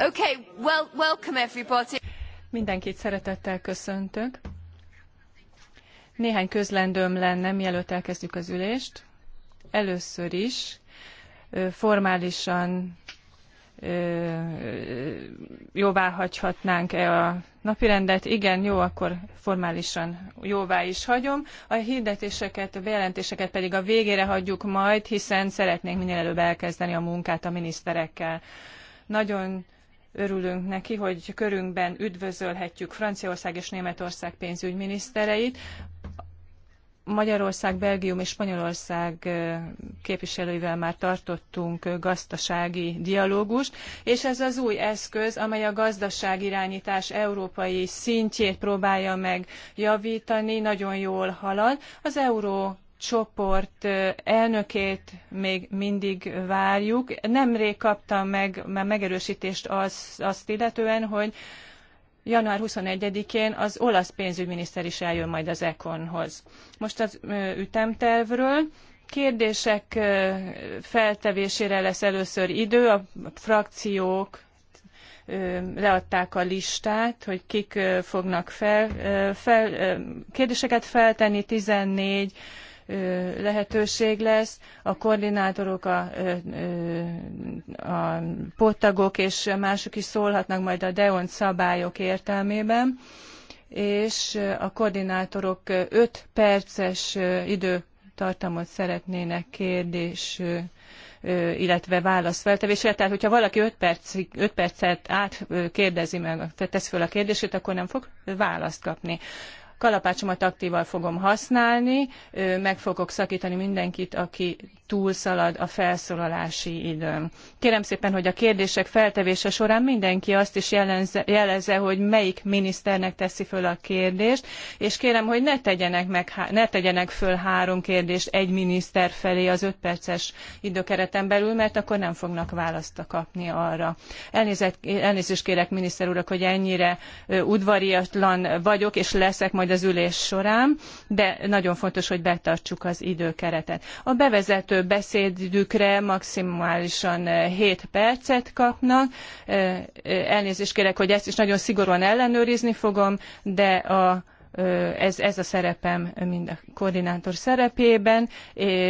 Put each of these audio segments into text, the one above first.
Okay, well, welcome everybody. Mindenkit szeretettel köszöntök. Néhány közlendőm lenne, mielőtt elkezdjük az ülést. Először is formálisan jóvá hagyhatnánk-e a napirendet? Igen, jó, akkor formálisan jóvá is hagyom. A hirdetéseket, a bejelentéseket pedig a végére hagyjuk majd, hiszen szeretnénk minél előbb elkezdeni a munkát a miniszterekkel. Nagyon örülünk neki, hogy körünkben üdvözölhetjük Franciaország és Németország pénzügyminisztereit. Magyarország, Belgium és Spanyolország képviselőivel már tartottunk gazdasági dialógust, és ez az új eszköz, amely a gazdaságirányítás európai szintjét próbálja meg javítani, nagyon jól halad. Az euró csoport elnökét még mindig várjuk. Nemrég kaptam meg már megerősítést az, azt illetően, hogy január 21-én az olasz pénzügyminiszter is eljön majd az ekon hoz Most az ütemtervről. Kérdések feltevésére lesz először idő, a frakciók leadták a listát, hogy kik fognak fel, fel kérdéseket feltenni, 14 lehetőség lesz. A koordinátorok, a, a pottagok és mások is szólhatnak majd a DEON szabályok értelmében és a koordinátorok 5 perces időtartamot szeretnének kérdés, illetve válaszfeltevésre. Tehát, hogyha valaki 5, percig, 5 percet át kérdezi meg, tehát tesz föl a kérdését, akkor nem fog választ kapni kalapácsomat aktívan fogom használni, meg fogok szakítani mindenkit, aki túlszalad a felszólalási időn. Kérem szépen, hogy a kérdések feltevése során mindenki azt is jelenze, jelezze, hogy melyik miniszternek teszi föl a kérdést, és kérem, hogy ne tegyenek, meg, ne tegyenek föl három kérdést egy miniszter felé az öt perces időkereten belül, mert akkor nem fognak választ kapni arra. Elnézést, elnézést kérek, miniszter urak, hogy ennyire udvariatlan vagyok, és leszek majd majd az ülés során, de nagyon fontos, hogy betartsuk az időkeretet. A bevezető beszédükre maximálisan 7 eh, percet kapnak. Eh, eh, elnézést kérek, hogy ezt is nagyon szigorúan ellenőrizni fogom, de a ez, ez a szerepem mind a koordinátor szerepében,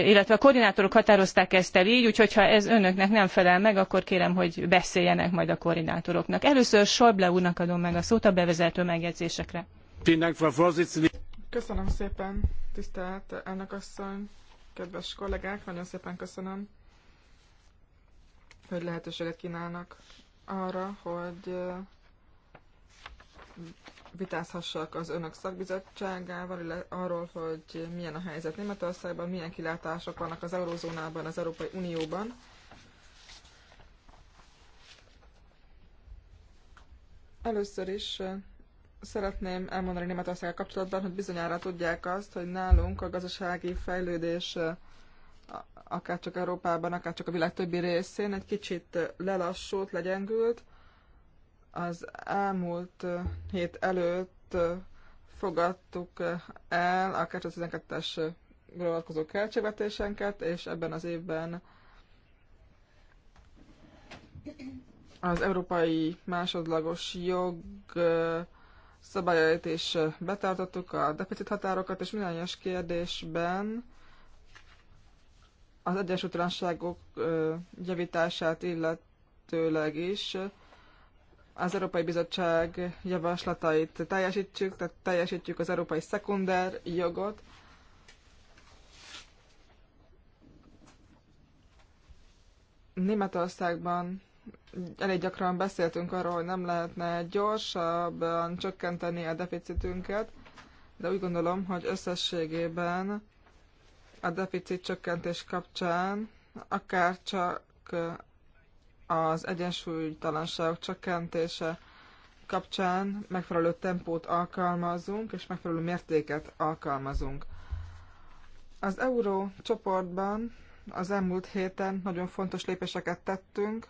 illetve a koordinátorok határozták ezt el így, úgyhogy ha ez önöknek nem felel meg, akkor kérem, hogy beszéljenek majd a koordinátoroknak. Először sajble úrnak adom meg a szót a bevezető megjegyzésekre. Köszönöm szépen, tisztelt elnök asszony, kedves kollégák, nagyon szépen köszönöm, hogy lehetőséget kínálnak arra, hogy vitázhassak az önök szakbizottságával, arról, hogy milyen a helyzet Németországban, milyen kilátások vannak az Eurózónában, az Európai Unióban. Először is szeretném elmondani Németországgal kapcsolatban, hogy bizonyára tudják azt, hogy nálunk a gazdasági fejlődés akár csak Európában, akár csak a világ többi részén egy kicsit lelassult, legyengült. Az elmúlt hét előtt fogadtuk el a 2012-es vonatkozó költségvetésenket, és ebben az évben az európai másodlagos jog szabályait is betartottuk, a deficit határokat, és minden egyes kérdésben az egyensúlytalanságok javítását illetőleg is az Európai Bizottság javaslatait teljesítjük, tehát teljesítjük az európai szekunder jogot, Németországban elég gyakran beszéltünk arról, hogy nem lehetne gyorsabban csökkenteni a deficitünket, de úgy gondolom, hogy összességében a deficit csökkentés kapcsán akár csak az egyensúlytalanság csökkentése kapcsán megfelelő tempót alkalmazunk, és megfelelő mértéket alkalmazunk. Az euró csoportban az elmúlt héten nagyon fontos lépéseket tettünk,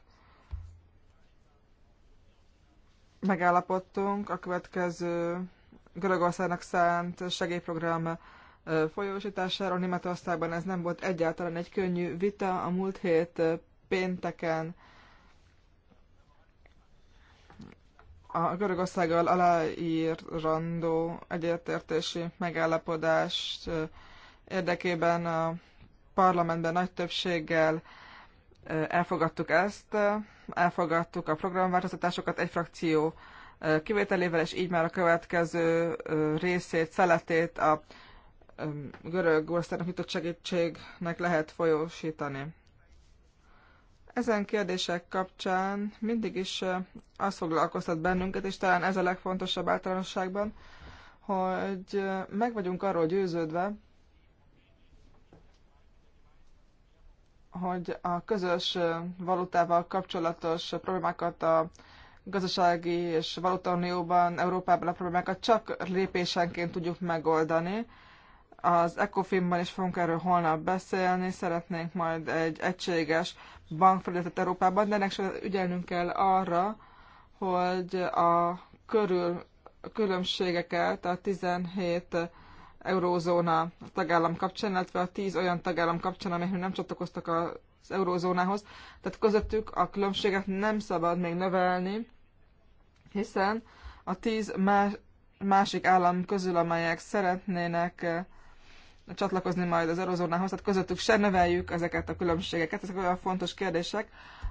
megállapodtunk a következő Görögországnak szánt segélyprogram folyósításáról. Németországban ez nem volt egyáltalán egy könnyű vita. A múlt hét pénteken a Görögországgal aláírandó egyetértési megállapodás érdekében a parlamentben nagy többséggel elfogadtuk ezt elfogadtuk a programváltozatásokat egy frakció kivételével, és így már a következő részét, szeletét a Görögországnak nyitott segítségnek lehet folyósítani. Ezen kérdések kapcsán mindig is az foglalkoztat bennünket, és talán ez a legfontosabb általánosságban, hogy meg vagyunk arról győződve, hogy a közös valutával kapcsolatos problémákat a gazdasági és valutaunióban, Európában a problémákat csak lépésenként tudjuk megoldani. Az ECOFIN-ban is fogunk erről holnap beszélni, szeretnénk majd egy egységes bankfelületet Európában, de ennek ügyelnünk kell arra, hogy a körül, a különbségeket a 17 eurózóna tagállam kapcsán, illetve a tíz olyan tagállam kapcsán, amelyek nem csatlakoztak az eurózónához. Tehát közöttük a különbséget nem szabad még növelni, hiszen a tíz más, másik állam közül, amelyek szeretnének eh, csatlakozni majd az eurozónához, tehát közöttük se növeljük ezeket a különbségeket. Ezek olyan fontos kérdések,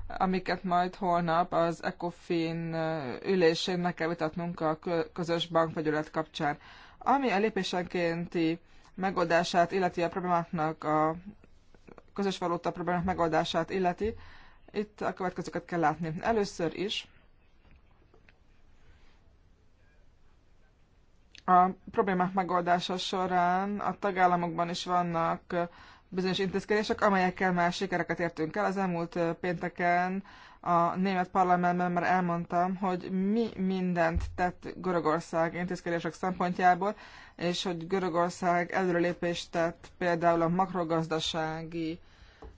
amiket majd holnap az ECOFIN eh, ülésén meg kell vitatnunk a közös bankfegyület kapcsán. Ami a lépésenkénti megoldását illeti a problémáknak, a közös valóta problémák megoldását illeti, itt a következőket kell látni. Először is a problémák megoldása során a tagállamokban is vannak bizonyos intézkedések, amelyekkel már sikereket értünk el. Az elmúlt pénteken a német parlamentben már elmondtam, hogy mi mindent tett Görögország intézkedések szempontjából, és hogy Görögország előrelépést tett például a makrogazdasági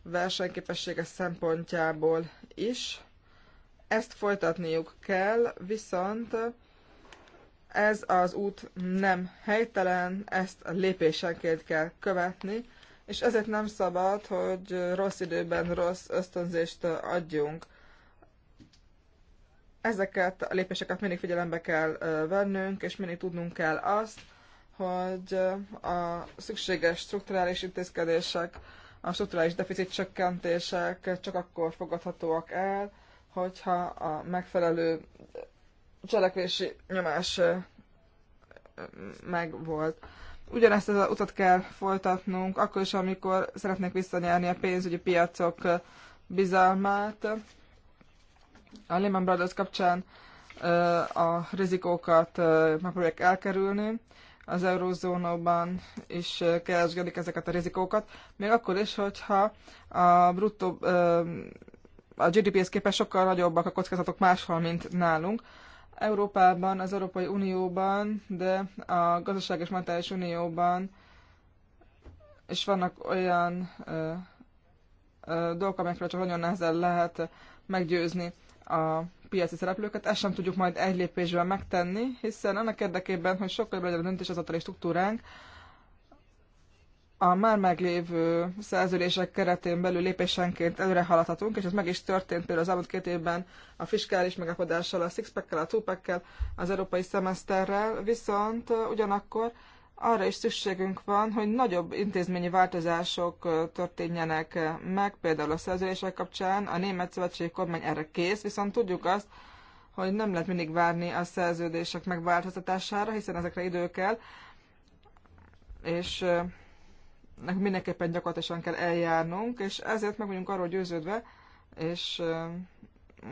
versenyképessége szempontjából is. Ezt folytatniuk kell, viszont ez az út nem helytelen, ezt lépésenként kell követni, és ezért nem szabad, hogy rossz időben rossz ösztönzést adjunk ezeket a lépéseket mindig figyelembe kell vennünk, és mindig tudnunk kell azt, hogy a szükséges strukturális intézkedések, a strukturális deficit csökkentések csak akkor fogadhatóak el, hogyha a megfelelő cselekvési nyomás megvolt. Ugyanezt az utat kell folytatnunk, akkor is, amikor szeretnék visszanyerni a pénzügyi piacok bizalmát, a Lehman Brothers kapcsán a rizikókat megpróbálják elkerülni, az eurózónában is keresgedik ezeket a rizikókat, még akkor is, hogyha a bruttó a GDP-hez képest sokkal nagyobbak a kockázatok máshol, mint nálunk. Európában, az Európai Unióban, de a Gazdaság és Monetáris Unióban és vannak olyan ö, ö, dolgok, amikről csak nagyon nehezen lehet meggyőzni a piaci szereplőket, ezt sem tudjuk majd egy lépésben megtenni, hiszen annak érdekében, hogy sokkal legyen a döntéshozatali struktúránk, a már meglévő szerződések keretén belül lépésenként előre haladhatunk, és ez meg is történt például az elmúlt két évben a fiskális megakadással, a sixpack a two az európai szemeszterrel, viszont uh, ugyanakkor arra is szükségünk van, hogy nagyobb intézményi változások történjenek meg, például a szerződések kapcsán. A Német Szövetségi Kormány erre kész, viszont tudjuk azt, hogy nem lehet mindig várni a szerződések megváltoztatására, hiszen ezekre idő kell, és mindenképpen gyakorlatilag kell eljárnunk, és ezért meg vagyunk arról győződve, és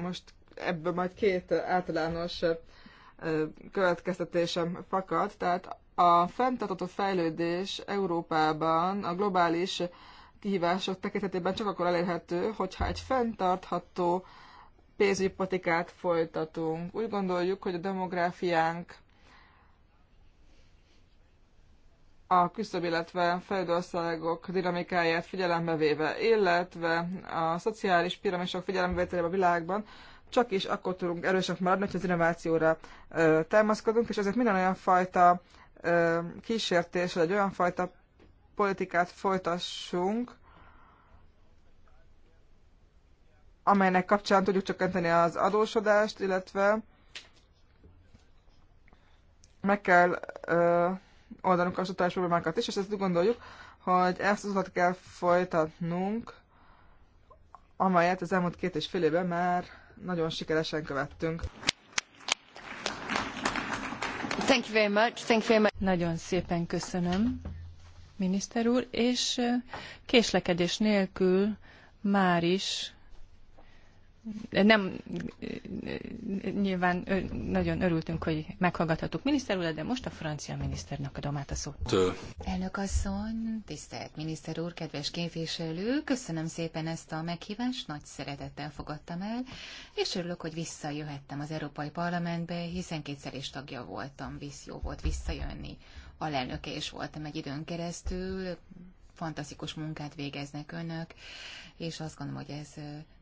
most ebből majd két általános következtetésem fakad, tehát a fenntartható fejlődés Európában a globális kihívások tekintetében csak akkor elérhető, hogyha egy fenntartható pénzügypatikát folytatunk. Úgy gondoljuk, hogy a demográfiánk a küszöb, illetve fejlődő országok dinamikáját figyelembe véve, illetve a szociális piramisok figyelembevételével a világban, csak is akkor tudunk erősek maradni, hogy az innovációra ö, támaszkodunk, és ezért minden olyan fajta kísértés, hogy egy olyan fajta politikát folytassunk, amelynek kapcsán tudjuk csökkenteni az adósodást, illetve meg kell ö, oldanunk a struktúrás problémákat is, és ezt úgy gondoljuk, hogy ezt az utat kell folytatnunk, amelyet az elmúlt két és fél évben már nagyon sikeresen követtünk. Nagyon szépen köszönöm, miniszter úr, és késlekedés nélkül már is nem, nyilván nagyon örültünk, hogy meghallgathatok miniszter urat, de most a francia miniszternek adom át a szót. Tő. Elnök asszony, tisztelt miniszter úr, kedves képviselő, köszönöm szépen ezt a meghívást, nagy szeretettel fogadtam el, és örülök, hogy visszajöhettem az Európai Parlamentbe, hiszen kétszer is tagja voltam, visz jó volt visszajönni alelnöke is voltam egy időn keresztül, fantasztikus munkát végeznek önök, és azt gondolom, hogy ez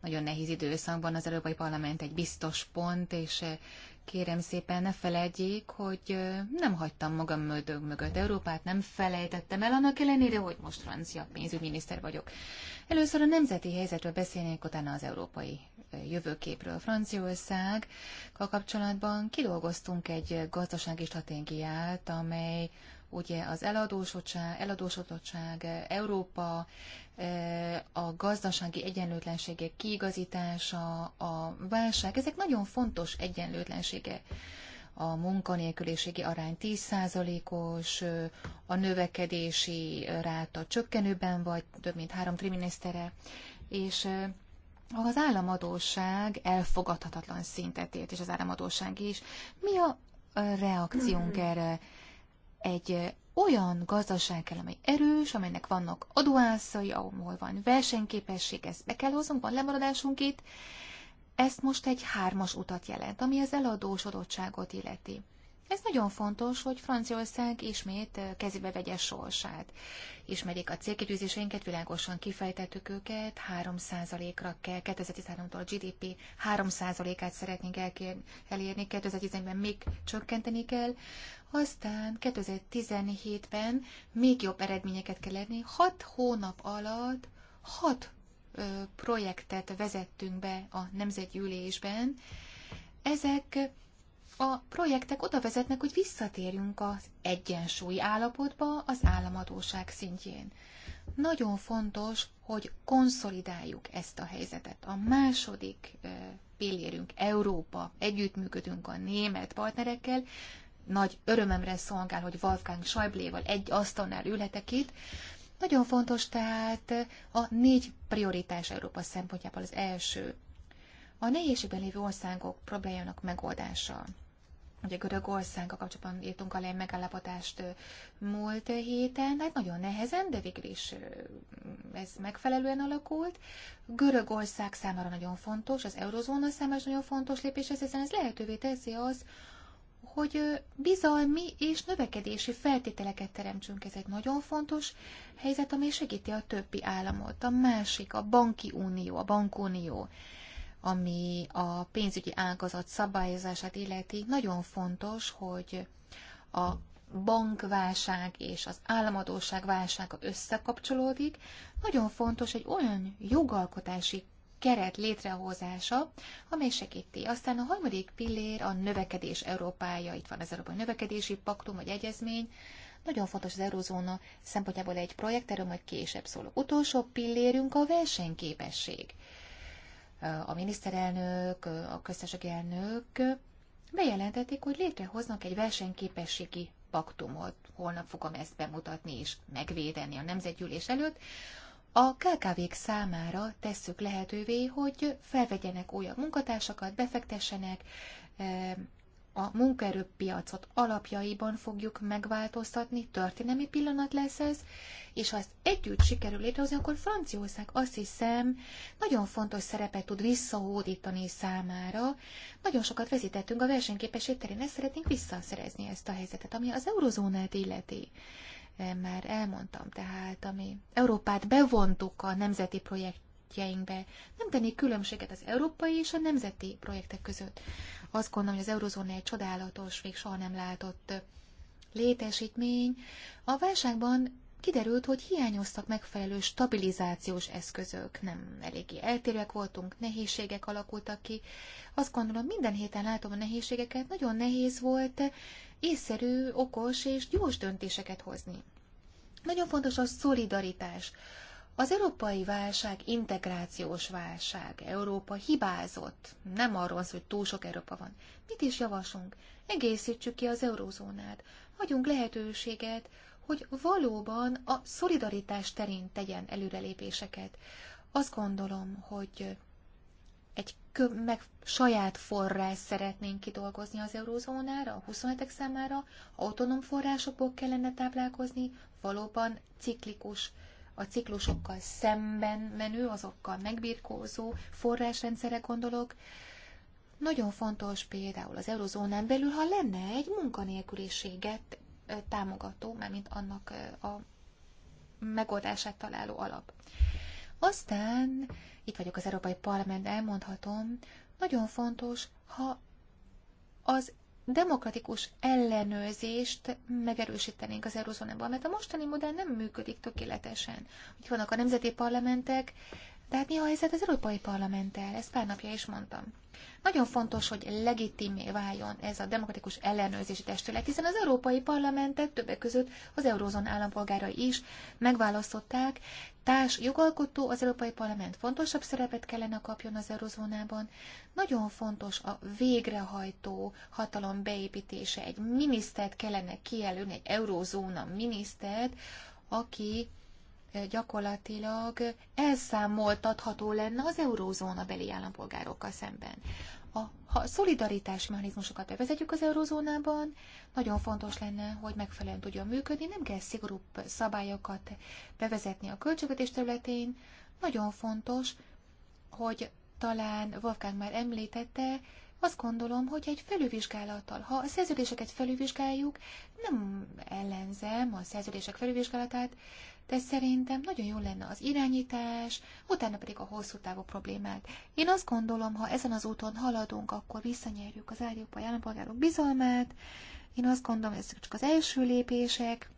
nagyon nehéz időszakban az Európai Parlament egy biztos pont, és kérem szépen ne felejtjék, hogy nem hagytam magam mögött Európát, nem felejtettem el, annak ellenére, hogy most francia pénzügyminiszter vagyok. Először a nemzeti helyzetről beszélnék, utána az európai jövőképről. Franciaország kapcsolatban kidolgoztunk egy gazdasági stratégiát, amely ugye az eladósodottság, eladósodottság Európa, e, a gazdasági egyenlőtlenségek kiigazítása, a válság, ezek nagyon fontos egyenlőtlensége, a munkanélküliségi arány 10%-os, e, a növekedési ráta csökkenőben vagy több mint három triminisztere, és e, az államadóság elfogadhatatlan szintet ért, és az államadóság is. Mi a reakciónk erre? egy olyan gazdaság kell, amely erős, amelynek vannak adóászai, ahol van versenyképesség, ezt be kell hoznunk, van lemaradásunk itt. Ezt most egy hármas utat jelent, ami az eladósodottságot illeti. Ez nagyon fontos, hogy Franciaország ismét kezébe vegye sorsát. Ismerik a célkitűzéseinket, világosan kifejtettük őket, 3%-ra kell, 2013-tól a GDP 3%-át szeretnénk elérni, 2010-ben még csökkenteni kell, aztán 2017-ben még jobb eredményeket kell elérni, 6 hónap alatt 6 projektet vezettünk be a nemzetgyűlésben, ezek a projektek oda vezetnek, hogy visszatérjünk az egyensúlyi állapotba az államadóság szintjén. Nagyon fontos, hogy konszolidáljuk ezt a helyzetet. A második pillérünk Európa, együttműködünk a német partnerekkel, nagy örömemre szolgál, hogy Wolfgang Schäubléval egy asztalnál ülhetek itt. Nagyon fontos tehát a négy prioritás Európa szempontjából az első. A nehézségben lévő országok problémának megoldása. Ugye Görögországgal kapcsolatban írtunk alá egy megállapodást múlt héten, hát nagyon nehezen, de végül is ez megfelelően alakult. Görögország számára nagyon fontos, az eurozóna számára nagyon fontos lépés ez, hiszen ez lehetővé teszi az, hogy bizalmi és növekedési feltételeket teremtsünk. Ez egy nagyon fontos helyzet, amely segíti a többi államot. A másik, a banki unió, a bankunió ami a pénzügyi ágazat szabályozását illeti, nagyon fontos, hogy a bankválság és az államadóság válsága összekapcsolódik. Nagyon fontos egy olyan jogalkotási keret létrehozása, amely segíti. Aztán a harmadik pillér a növekedés Európája, itt van az Európai Növekedési Paktum vagy Egyezmény, nagyon fontos az eurozóna szempontjából egy projekt, erről majd később szólok. Utolsó pillérünk a versenyképesség a miniszterelnök, a köztársasági elnök bejelentették, hogy létrehoznak egy versenyképességi paktumot. Holnap fogom ezt bemutatni és megvédeni a nemzetgyűlés előtt. A KKV-k számára tesszük lehetővé, hogy felvegyenek újabb munkatársakat, befektessenek, a munkaerőpiacot alapjaiban fogjuk megváltoztatni, történelmi pillanat lesz ez, és ha ezt együtt sikerül létrehozni, akkor Franciaország azt hiszem nagyon fontos szerepet tud visszahódítani számára. Nagyon sokat vezítettünk a versenyképesség terén, ezt szeretnénk visszaszerezni ezt a helyzetet, ami az eurozónát illeti. Eh, már elmondtam, tehát ami Európát bevontuk a nemzeti projekt Nem tenni különbséget az európai és a nemzeti projektek között. Azt gondolom, hogy az eurozóna egy csodálatos, még soha nem látott létesítmény. A válságban kiderült, hogy hiányoztak megfelelő stabilizációs eszközök, nem eléggé eltérőek voltunk, nehézségek alakultak ki. Azt gondolom, minden héten látom a nehézségeket, nagyon nehéz volt észszerű, okos és gyors döntéseket hozni. Nagyon fontos a szolidaritás, az európai válság integrációs válság. Európa hibázott. Nem arról szól, hogy túl sok Európa van. Mit is javaslunk? Egészítsük ki az eurózónát. Hagyunk lehetőséget, hogy valóban a szolidaritás terén tegyen előrelépéseket. Azt gondolom, hogy egy meg saját forrás szeretnénk kidolgozni az eurózónára, a 27 számára, autonóm forrásokból kellene táplálkozni, valóban ciklikus a ciklusokkal szemben menő, azokkal megbirkózó forrásrendszerek gondolok. Nagyon fontos például az eurozónán belül, ha lenne egy munkanélküliséget támogató, mármint annak a megoldását találó alap. Aztán, itt vagyok az Európai Parlament, elmondhatom, nagyon fontos, ha az demokratikus ellenőrzést megerősítenénk az eurozónában, mert a mostani modell nem működik tökéletesen. Úgy vannak a nemzeti parlamentek, de hát mi a helyzet az Európai Parlamenttel? Ezt pár napja is mondtam. Nagyon fontos, hogy legitimé váljon ez a demokratikus ellenőrzési testület, hiszen az Európai Parlamentet többek között az eurózon állampolgárai is megválasztották. Társ jogalkotó az Európai Parlament fontosabb szerepet kellene kapjon az eurózónában. Nagyon fontos a végrehajtó hatalom beépítése. Egy minisztert kellene kijelölni, egy eurózóna minisztert, aki gyakorlatilag elszámoltatható lenne az eurózóna beli állampolgárokkal szemben. A, ha szolidaritás mechanizmusokat bevezetjük az eurózónában, nagyon fontos lenne, hogy megfelelően tudjon működni, nem kell szigorúbb szabályokat bevezetni a költségvetés területén. Nagyon fontos, hogy talán Wolfgang már említette, azt gondolom, hogy egy felülvizsgálattal, ha a szerződéseket felülvizsgáljuk, nem ellenzem a szerződések felülvizsgálatát, de szerintem nagyon jó lenne az irányítás, utána pedig a hosszú távú problémák. Én azt gondolom, ha ezen az úton haladunk, akkor visszanyerjük az európai állampolgárok bizalmát. Én azt gondolom, ezek csak az első lépések,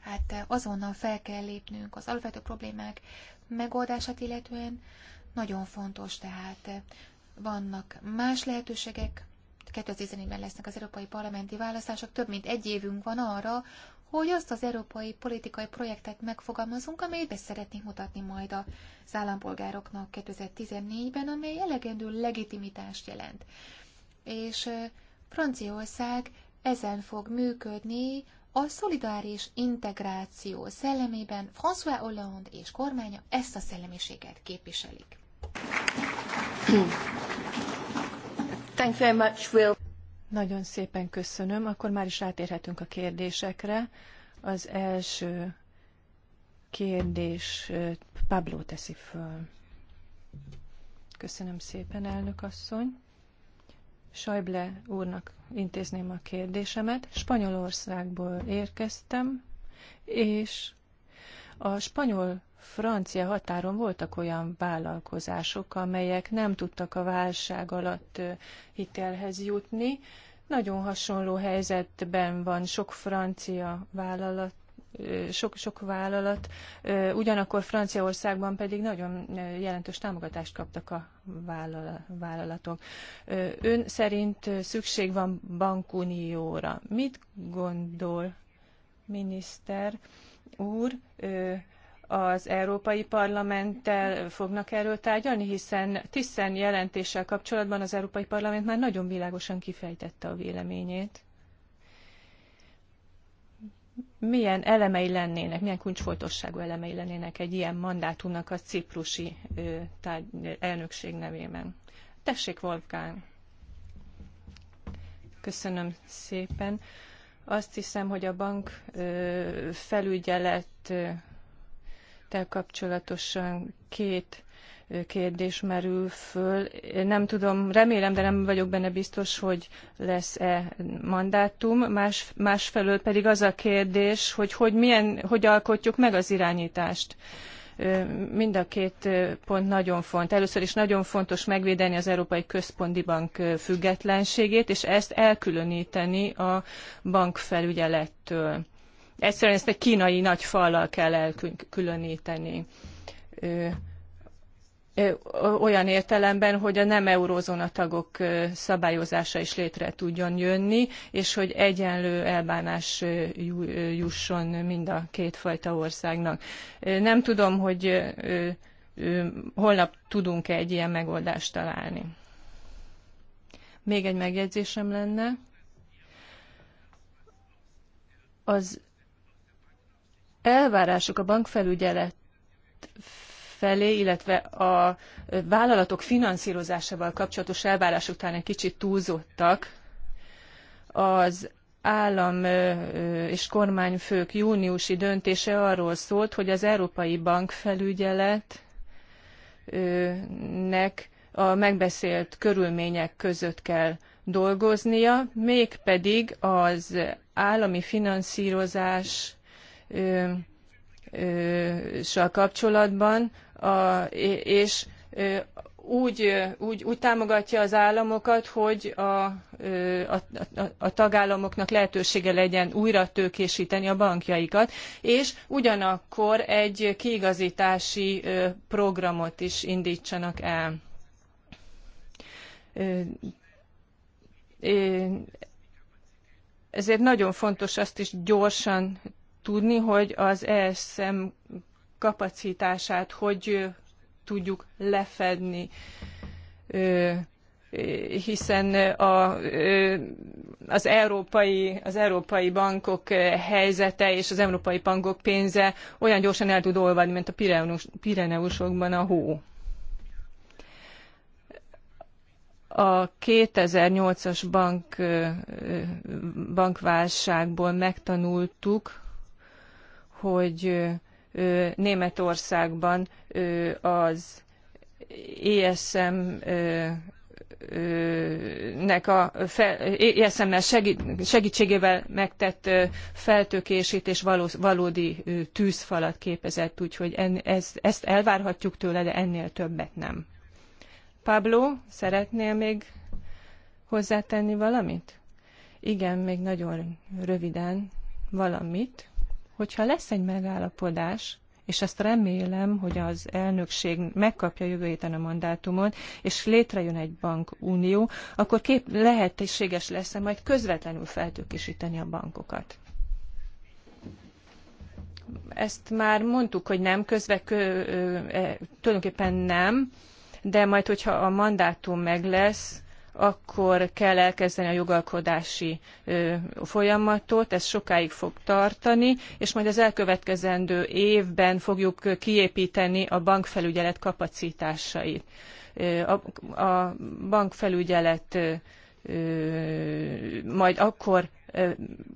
hát eh, azonnal fel kell lépnünk az alapvető problémák megoldását illetően. Nagyon fontos, tehát eh, vannak más lehetőségek, 2014-ben lesznek az európai parlamenti választások, több mint egy évünk van arra, hogy azt az európai politikai projektet megfogalmazunk, amelyet be szeretnénk mutatni majd az állampolgároknak 2014-ben, amely elegendő legitimitást jelent. És Franciaország ezen fog működni a szolidáris integráció szellemében François Hollande és kormánya ezt a szellemiséget képviselik. Thank you very much, Will. Nagyon szépen köszönöm. Akkor már is rátérhetünk a kérdésekre. Az első kérdés Pablo teszi föl. Köszönöm szépen, elnök asszony. Sajble úrnak intézném a kérdésemet. Spanyolországból érkeztem, és a spanyol francia határon voltak olyan vállalkozások, amelyek nem tudtak a válság alatt hitelhez jutni. Nagyon hasonló helyzetben van sok francia vállalat, sok-sok vállalat, ugyanakkor Franciaországban pedig nagyon jelentős támogatást kaptak a vállalatok. Ön szerint szükség van bankunióra. Mit gondol, miniszter úr, az Európai Parlamenttel fognak erről tárgyalni, hiszen Tiszen jelentéssel kapcsolatban az Európai Parlament már nagyon világosan kifejtette a véleményét. Milyen elemei lennének, milyen kulcsfontosságú elemei lennének egy ilyen mandátumnak a ciprusi tárgy, elnökség nevében? Tessék, Wolfgang! Köszönöm szépen. Azt hiszem, hogy a bank felügyelet tel kapcsolatosan két kérdés merül föl. nem tudom, remélem, de nem vagyok benne biztos, hogy lesz-e mandátum. Más, másfelől pedig az a kérdés, hogy, hogy, milyen, hogy alkotjuk meg az irányítást. Mind a két pont nagyon fontos. Először is nagyon fontos megvédeni az Európai Központi Bank függetlenségét, és ezt elkülöníteni a bankfelügyelettől Egyszerűen ezt egy kínai nagy fallal kell elkülöníteni. Olyan értelemben, hogy a nem eurózóna tagok szabályozása is létre tudjon jönni, és hogy egyenlő elbánás jusson mind a kétfajta országnak. Nem tudom, hogy holnap tudunk-e egy ilyen megoldást találni. Még egy megjegyzésem lenne. Az elvárások a bankfelügyelet felé, illetve a vállalatok finanszírozásával kapcsolatos elvárások talán egy kicsit túlzottak. Az állam és kormányfők júniusi döntése arról szólt, hogy az Európai Bankfelügyeletnek a megbeszélt körülmények között kell dolgoznia, mégpedig az állami finanszírozás kapcsolatban, a, és úgy, úgy, úgy támogatja az államokat, hogy a, a, a tagállamoknak lehetősége legyen újra tőkésíteni a bankjaikat, és ugyanakkor egy kiigazítási programot is indítsanak el. Ezért nagyon fontos azt is gyorsan tudni, hogy az ESM kapacitását hogy tudjuk lefedni hiszen a, az, európai, az európai bankok helyzete és az európai bankok pénze olyan gyorsan el tud olvadni, mint a Pireneusokban a hó. A 2008-as bank, bankválságból megtanultuk, hogy Németországban az ESM-nek a ESM-mel e segítségével megtett és valódi tűzfalat képezett, úgyhogy ezt elvárhatjuk tőle, de ennél többet nem. Pablo, szeretnél még hozzátenni valamit? Igen, még nagyon röviden valamit hogyha lesz egy megállapodás, és ezt remélem, hogy az elnökség megkapja jövő héten a mandátumot, és létrejön egy bankunió, akkor kép lehetséges lesz -e majd közvetlenül feltőkésíteni a bankokat. Ezt már mondtuk, hogy nem közve, e, tulajdonképpen nem, de majd, hogyha a mandátum meg lesz, akkor kell elkezdeni a jogalkodási folyamatot, ez sokáig fog tartani, és majd az elkövetkezendő évben fogjuk kiépíteni a bankfelügyelet kapacitásait. A, a bankfelügyelet majd akkor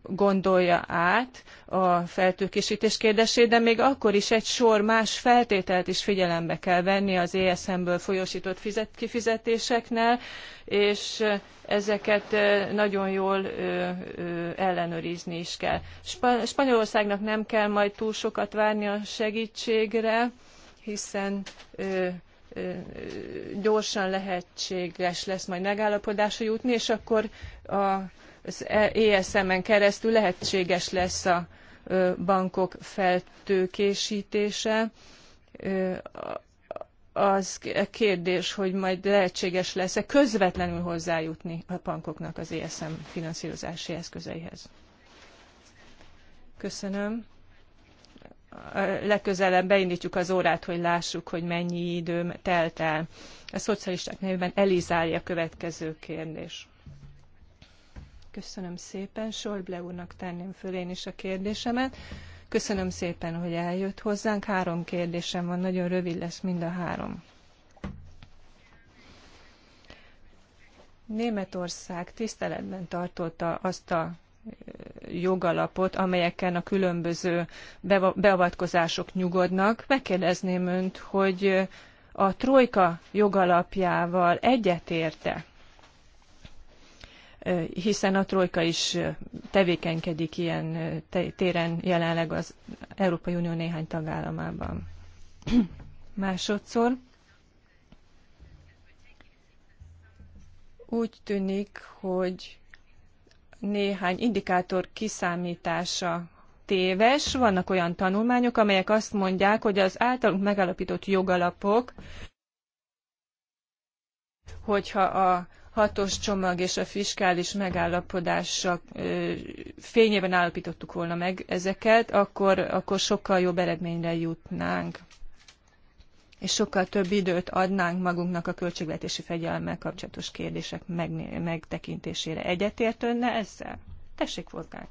gondolja át a feltőkésítés kérdését, de még akkor is egy sor más feltételt is figyelembe kell venni az ESM-ből folyósított kifizetéseknél, és ezeket nagyon jól ellenőrizni is kell. Spanyolországnak nem kell majd túl sokat várni a segítségre, hiszen gyorsan lehetséges lesz majd megállapodásra jutni, és akkor a az ESM-en keresztül lehetséges lesz a bankok feltőkésítése. Az kérdés, hogy majd lehetséges lesz-e közvetlenül hozzájutni a bankoknak az ESM finanszírozási eszközeihez. Köszönöm legközelebb beindítjuk az órát, hogy lássuk, hogy mennyi időm telt el. A szocialisták nevében a következő kérdés. Köszönöm szépen. Solble úrnak tenném föl én is a kérdésemet. Köszönöm szépen, hogy eljött hozzánk. Három kérdésem van, nagyon rövid lesz mind a három. Németország tiszteletben tartotta azt a jogalapot, amelyeken a különböző beavatkozások nyugodnak. Megkérdezném önt, hogy a trojka jogalapjával egyetérte hiszen a trojka is tevékenykedik ilyen téren jelenleg az Európai Unió néhány tagállamában. Másodszor úgy tűnik, hogy néhány indikátor kiszámítása téves. Vannak olyan tanulmányok, amelyek azt mondják, hogy az általunk megalapított jogalapok, hogyha a hatos csomag és a fiskális megállapodása fényében állapítottuk volna meg ezeket, akkor, akkor sokkal jobb eredményre jutnánk és sokkal több időt adnánk magunknak a költségvetési fegyelemmel kapcsolatos kérdések meg, megtekintésére. Egyetért önne ezzel? Tessék, Volkán!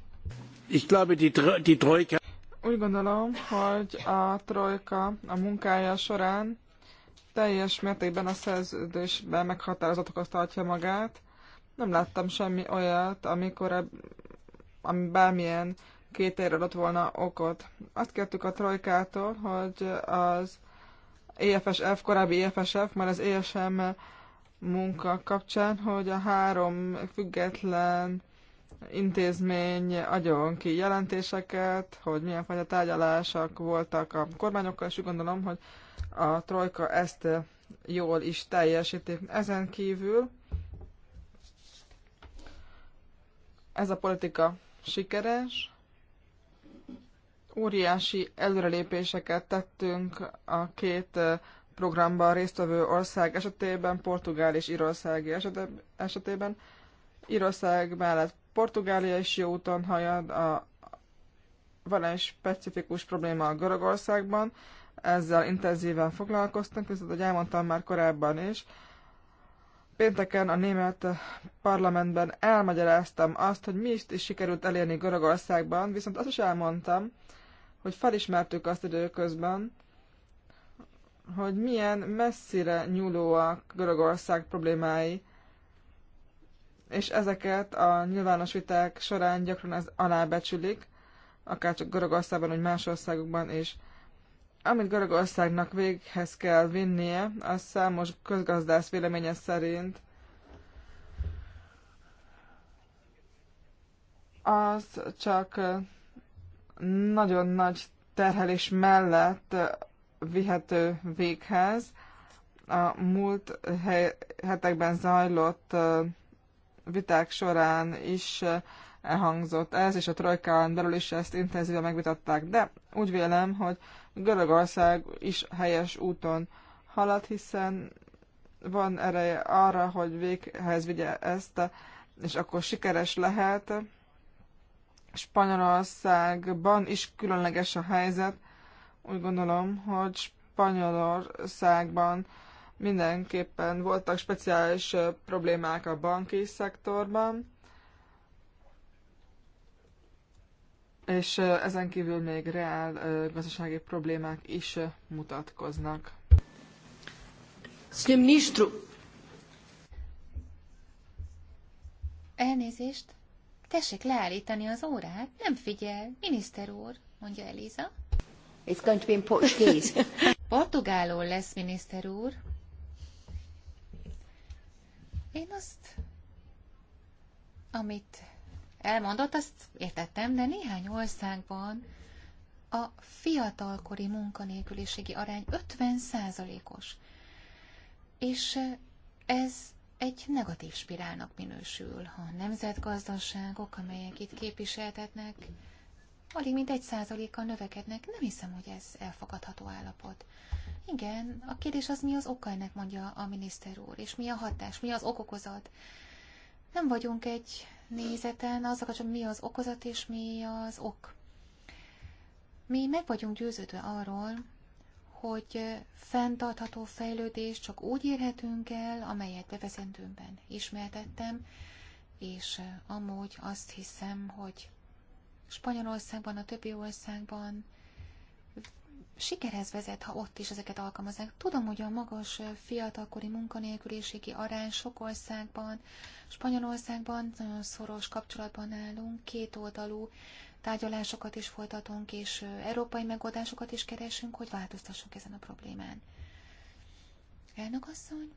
Ich glaube, die, die Troika... Úgy gondolom, hogy a trojka a munkája során teljes mértékben a szerződésben meghatározatokat tartja magát. Nem láttam semmi olyat, amikor ami bármilyen két adott volna okot. Azt kértük a trojkától, hogy az EFSF, korábbi EFSF, már az ESM munka kapcsán, hogy a három független intézmény adjon ki jelentéseket, hogy milyen fajta tárgyalások voltak a kormányokkal, és úgy gondolom, hogy a trojka ezt jól is teljesíti. Ezen kívül ez a politika sikeres, óriási előrelépéseket tettünk a két programban résztvevő ország esetében, Portugál és Írország esetében. Írország mellett Portugália is jó úton hajad, a, van egy specifikus probléma a Görögországban, ezzel intenzíven foglalkoztunk, viszont, ahogy elmondtam már korábban is, pénteken a német parlamentben elmagyaráztam azt, hogy mi is, is sikerült elérni Görögországban, viszont azt is elmondtam, hogy felismertük azt időközben, hogy milyen messzire nyúlóak Görögország problémái, és ezeket a nyilvános viták során gyakran ez alábecsülik, akár csak Görögországban, vagy más országokban is. Amit Görögországnak véghez kell vinnie, az számos közgazdász véleménye szerint az csak nagyon nagy terhelés mellett vihető véghez. A múlt hetekben zajlott viták során is elhangzott ez, és a trojkán belül is ezt intenzíven megvitatták, de úgy vélem, hogy Görögország is helyes úton halad, hiszen van ereje arra, hogy véghez vigye ezt, és akkor sikeres lehet. Spanyolországban is különleges a helyzet. Úgy gondolom, hogy Spanyolországban mindenképpen voltak speciális problémák a banki szektorban, és ezen kívül még reál gazdasági problémák is mutatkoznak. Sr. Elnézést! Tessék leállítani az órát, nem figyel, miniszter úr, mondja Eliza. It's going to be in Portuguese. Portugálul lesz, miniszter úr. Én azt, amit elmondott, azt értettem, de néhány országban a fiatalkori munkanélküliségi arány 50%-os. És ez egy negatív spirálnak minősül. A nemzetgazdaságok, amelyek itt képviseltetnek, alig mint egy százalékkal növekednek. Nem hiszem, hogy ez elfogadható állapot. Igen, a kérdés az, mi az oka ennek, mondja a miniszter úr, és mi a hatás, mi az okokozat nem vagyunk egy nézeten, az hogy mi az okozat és mi az ok. Mi meg vagyunk győződve arról, hogy fenntartható fejlődést csak úgy érhetünk el, amelyet bevezetőmben ismertettem, és amúgy azt hiszem, hogy Spanyolországban, a többi országban sikerhez vezet, ha ott is ezeket alkalmazzák. Tudom, hogy a magas fiatalkori munkanélküliségi arány sok országban, Spanyolországban nagyon szoros kapcsolatban állunk, kétoldalú tárgyalásokat is folytatunk, és európai megoldásokat is keresünk, hogy változtassunk ezen a problémán. Elnök asszony,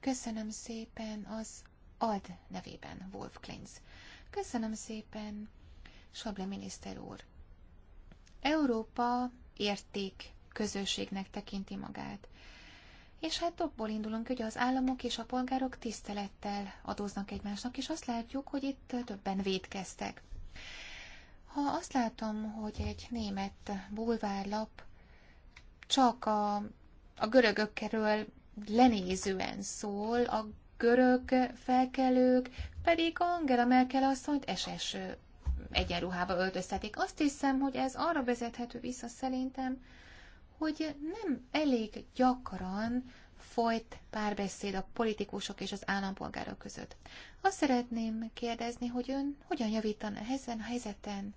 köszönöm szépen az AD nevében, Wolf Klinz. Köszönöm szépen, Sable miniszter úr. Európa érték közösségnek tekinti magát. És hát dobból indulunk, hogy az államok és a polgárok tisztelettel adóznak egymásnak, és azt látjuk, hogy itt többen védkeztek. Ha azt látom, hogy egy német bulvárlap csak a, a görögökről lenézően szól, a görög felkelők pedig Angela Merkel asszonyt SS egyenruhába öltöztetik. Azt hiszem, hogy ez arra vezethető vissza szerintem, hogy nem elég gyakran folyt párbeszéd a politikusok és az állampolgárok között. Azt szeretném kérdezni, hogy ön hogyan javítan ezen a helyzeten?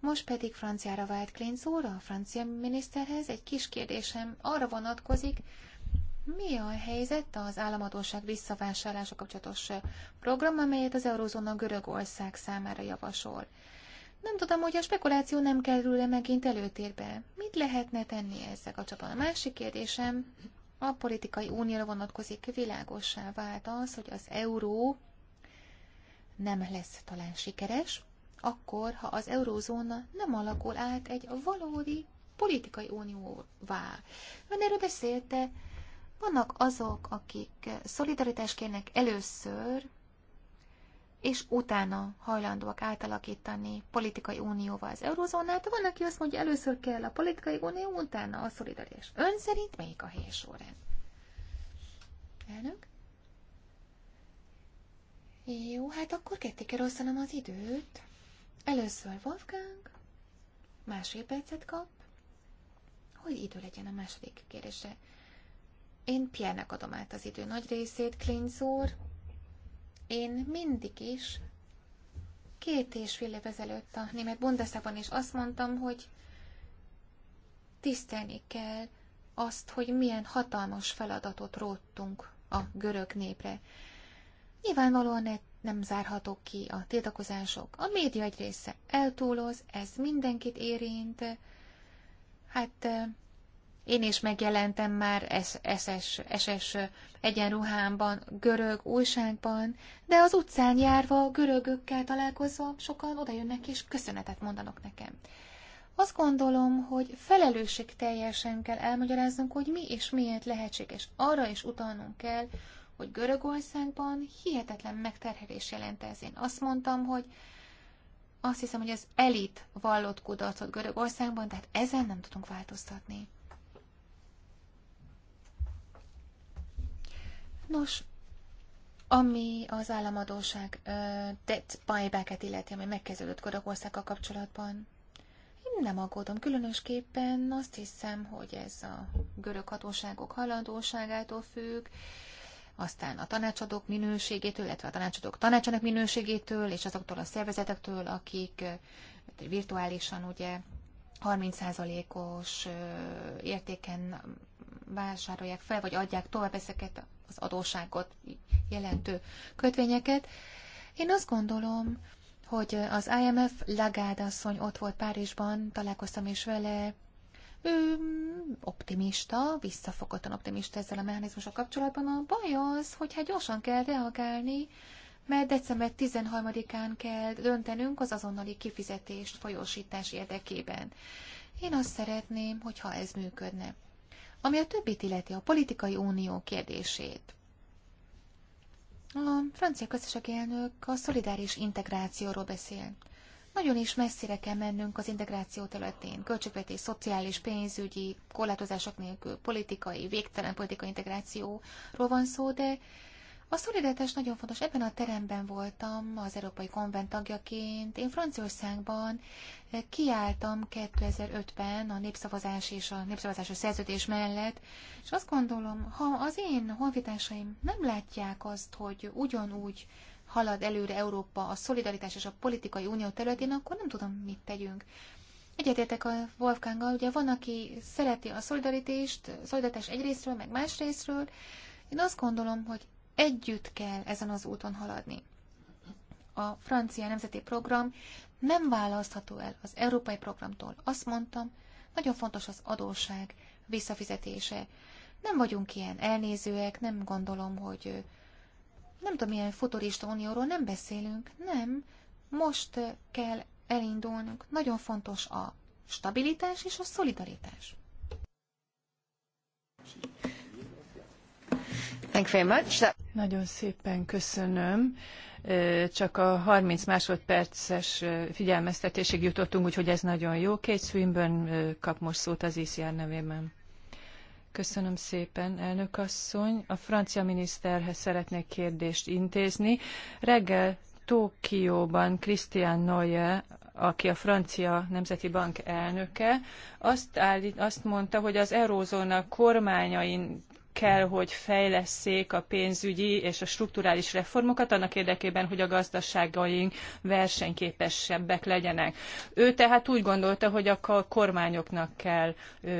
Most pedig franciára vált Klinz úr, a francia miniszterhez egy kis kérdésem arra vonatkozik, mi a helyzet az államadóság visszavásárlása kapcsolatos program, amelyet az Eurózóna Görögország számára javasol? Nem tudom, hogy a spekuláció nem kerül-e megint előtérbe. Mit lehetne tenni ezzel kapcsolatban? A másik kérdésem a politikai unióra vonatkozik. Világossá vált az, hogy az euró nem lesz talán sikeres, akkor, ha az eurózóna nem alakul át egy valódi politikai unióvá. Ön erről beszélte, vannak azok, akik szolidaritást kérnek először, és utána hajlandóak átalakítani politikai unióval az eurozónát. Van, aki azt mondja, először kell a politikai unió, utána a szolidaritás. Ön szerint melyik a helyes sorrend? Elnök? Jó, hát akkor ketté kell osztanom az időt. Először Wolfgang, másfél percet kap, hogy idő legyen a második kérdésre. Én Piernek adom át az idő nagy részét, Klinz úr. Én mindig is két és fél év ezelőtt a német Bundeszában is azt mondtam, hogy tisztelni kell azt, hogy milyen hatalmas feladatot róttunk a görög népre. Nyilvánvalóan nem zárható ki a tiltakozások. A média egy része eltúloz, ez mindenkit érint. Hát én is megjelentem már SS, SS egyenruhámban, görög újságban, de az utcán járva, görögökkel találkozva sokan odajönnek és köszönetet mondanak nekem. Azt gondolom, hogy felelősség teljesen kell elmagyaráznunk, hogy mi és miért lehetséges. Arra is utalnunk kell, hogy Görögországban hihetetlen megterhelés jelent ez. Én azt mondtam, hogy azt hiszem, hogy az elit vallott kudarcot Görögországban, tehát ezen nem tudunk változtatni. Nos, ami az államadóság uh, debt buyback-et illeti, amely megkezdődött Kodagországgal kapcsolatban, én nem aggódom. Különösképpen azt hiszem, hogy ez a görög hatóságok halandóságától függ, aztán a tanácsadók minőségétől, illetve a tanácsadók tanácsának minőségétől, és azoktól a szervezetektől, akik virtuálisan ugye 30%-os értéken vásárolják fel, vagy adják tovább ezeket az adóságot jelentő kötvényeket. Én azt gondolom, hogy az IMF Lagarde asszony ott volt Párizsban, találkoztam is vele, ő optimista, visszafogottan optimista ezzel a mechanizmusok kapcsolatban. A baj az, hogy hát gyorsan kell reagálni, mert december 13-án kell döntenünk az azonnali kifizetést folyósítás érdekében. Én azt szeretném, hogyha ez működne. Ami a többit illeti a politikai unió kérdését. A francia köztesek elnök a szolidáris integrációról beszél. Nagyon is messzire kell mennünk az integráció területén, költségvetés, szociális, pénzügyi, korlátozások nélkül, politikai, végtelen politikai integrációról van szó, de a szolidaritás nagyon fontos. Ebben a teremben voltam az Európai Konvent tagjaként. Én Franciaországban eh, kiálltam 2005-ben a népszavazás és a népszavazási szerződés mellett, és azt gondolom, ha az én honfitársaim nem látják azt, hogy ugyanúgy halad előre Európa a szolidaritás és a politikai unió területén, akkor nem tudom, mit tegyünk. Egyetértek a Wolfganggal, ugye van, aki szereti a szolidaritást, szolidaritás egyrésztről, meg másrésztről. Én azt gondolom, hogy Együtt kell ezen az úton haladni. A francia nemzeti program nem választható el az európai programtól. Azt mondtam, nagyon fontos az adósság visszafizetése. Nem vagyunk ilyen elnézőek, nem gondolom, hogy nem tudom, milyen futurista unióról nem beszélünk, nem. Most kell elindulnunk. Nagyon fontos a stabilitás és a szolidaritás. Nagyon szépen köszönöm. Csak a 30 másodperces figyelmeztetésig jutottunk, úgyhogy ez nagyon jó. Kate Swinburne kap most szót az ICR e nevében. Köszönöm szépen, elnök asszony. A francia miniszterhez szeretnék kérdést intézni. Reggel Tokióban Christian Noye, aki a francia nemzeti bank elnöke, azt, állít, azt mondta, hogy az eurózóna kormányain kell, hogy fejlesszék a pénzügyi és a strukturális reformokat annak érdekében, hogy a gazdaságaink versenyképesebbek legyenek. Ő tehát úgy gondolta, hogy a kormányoknak kell ö,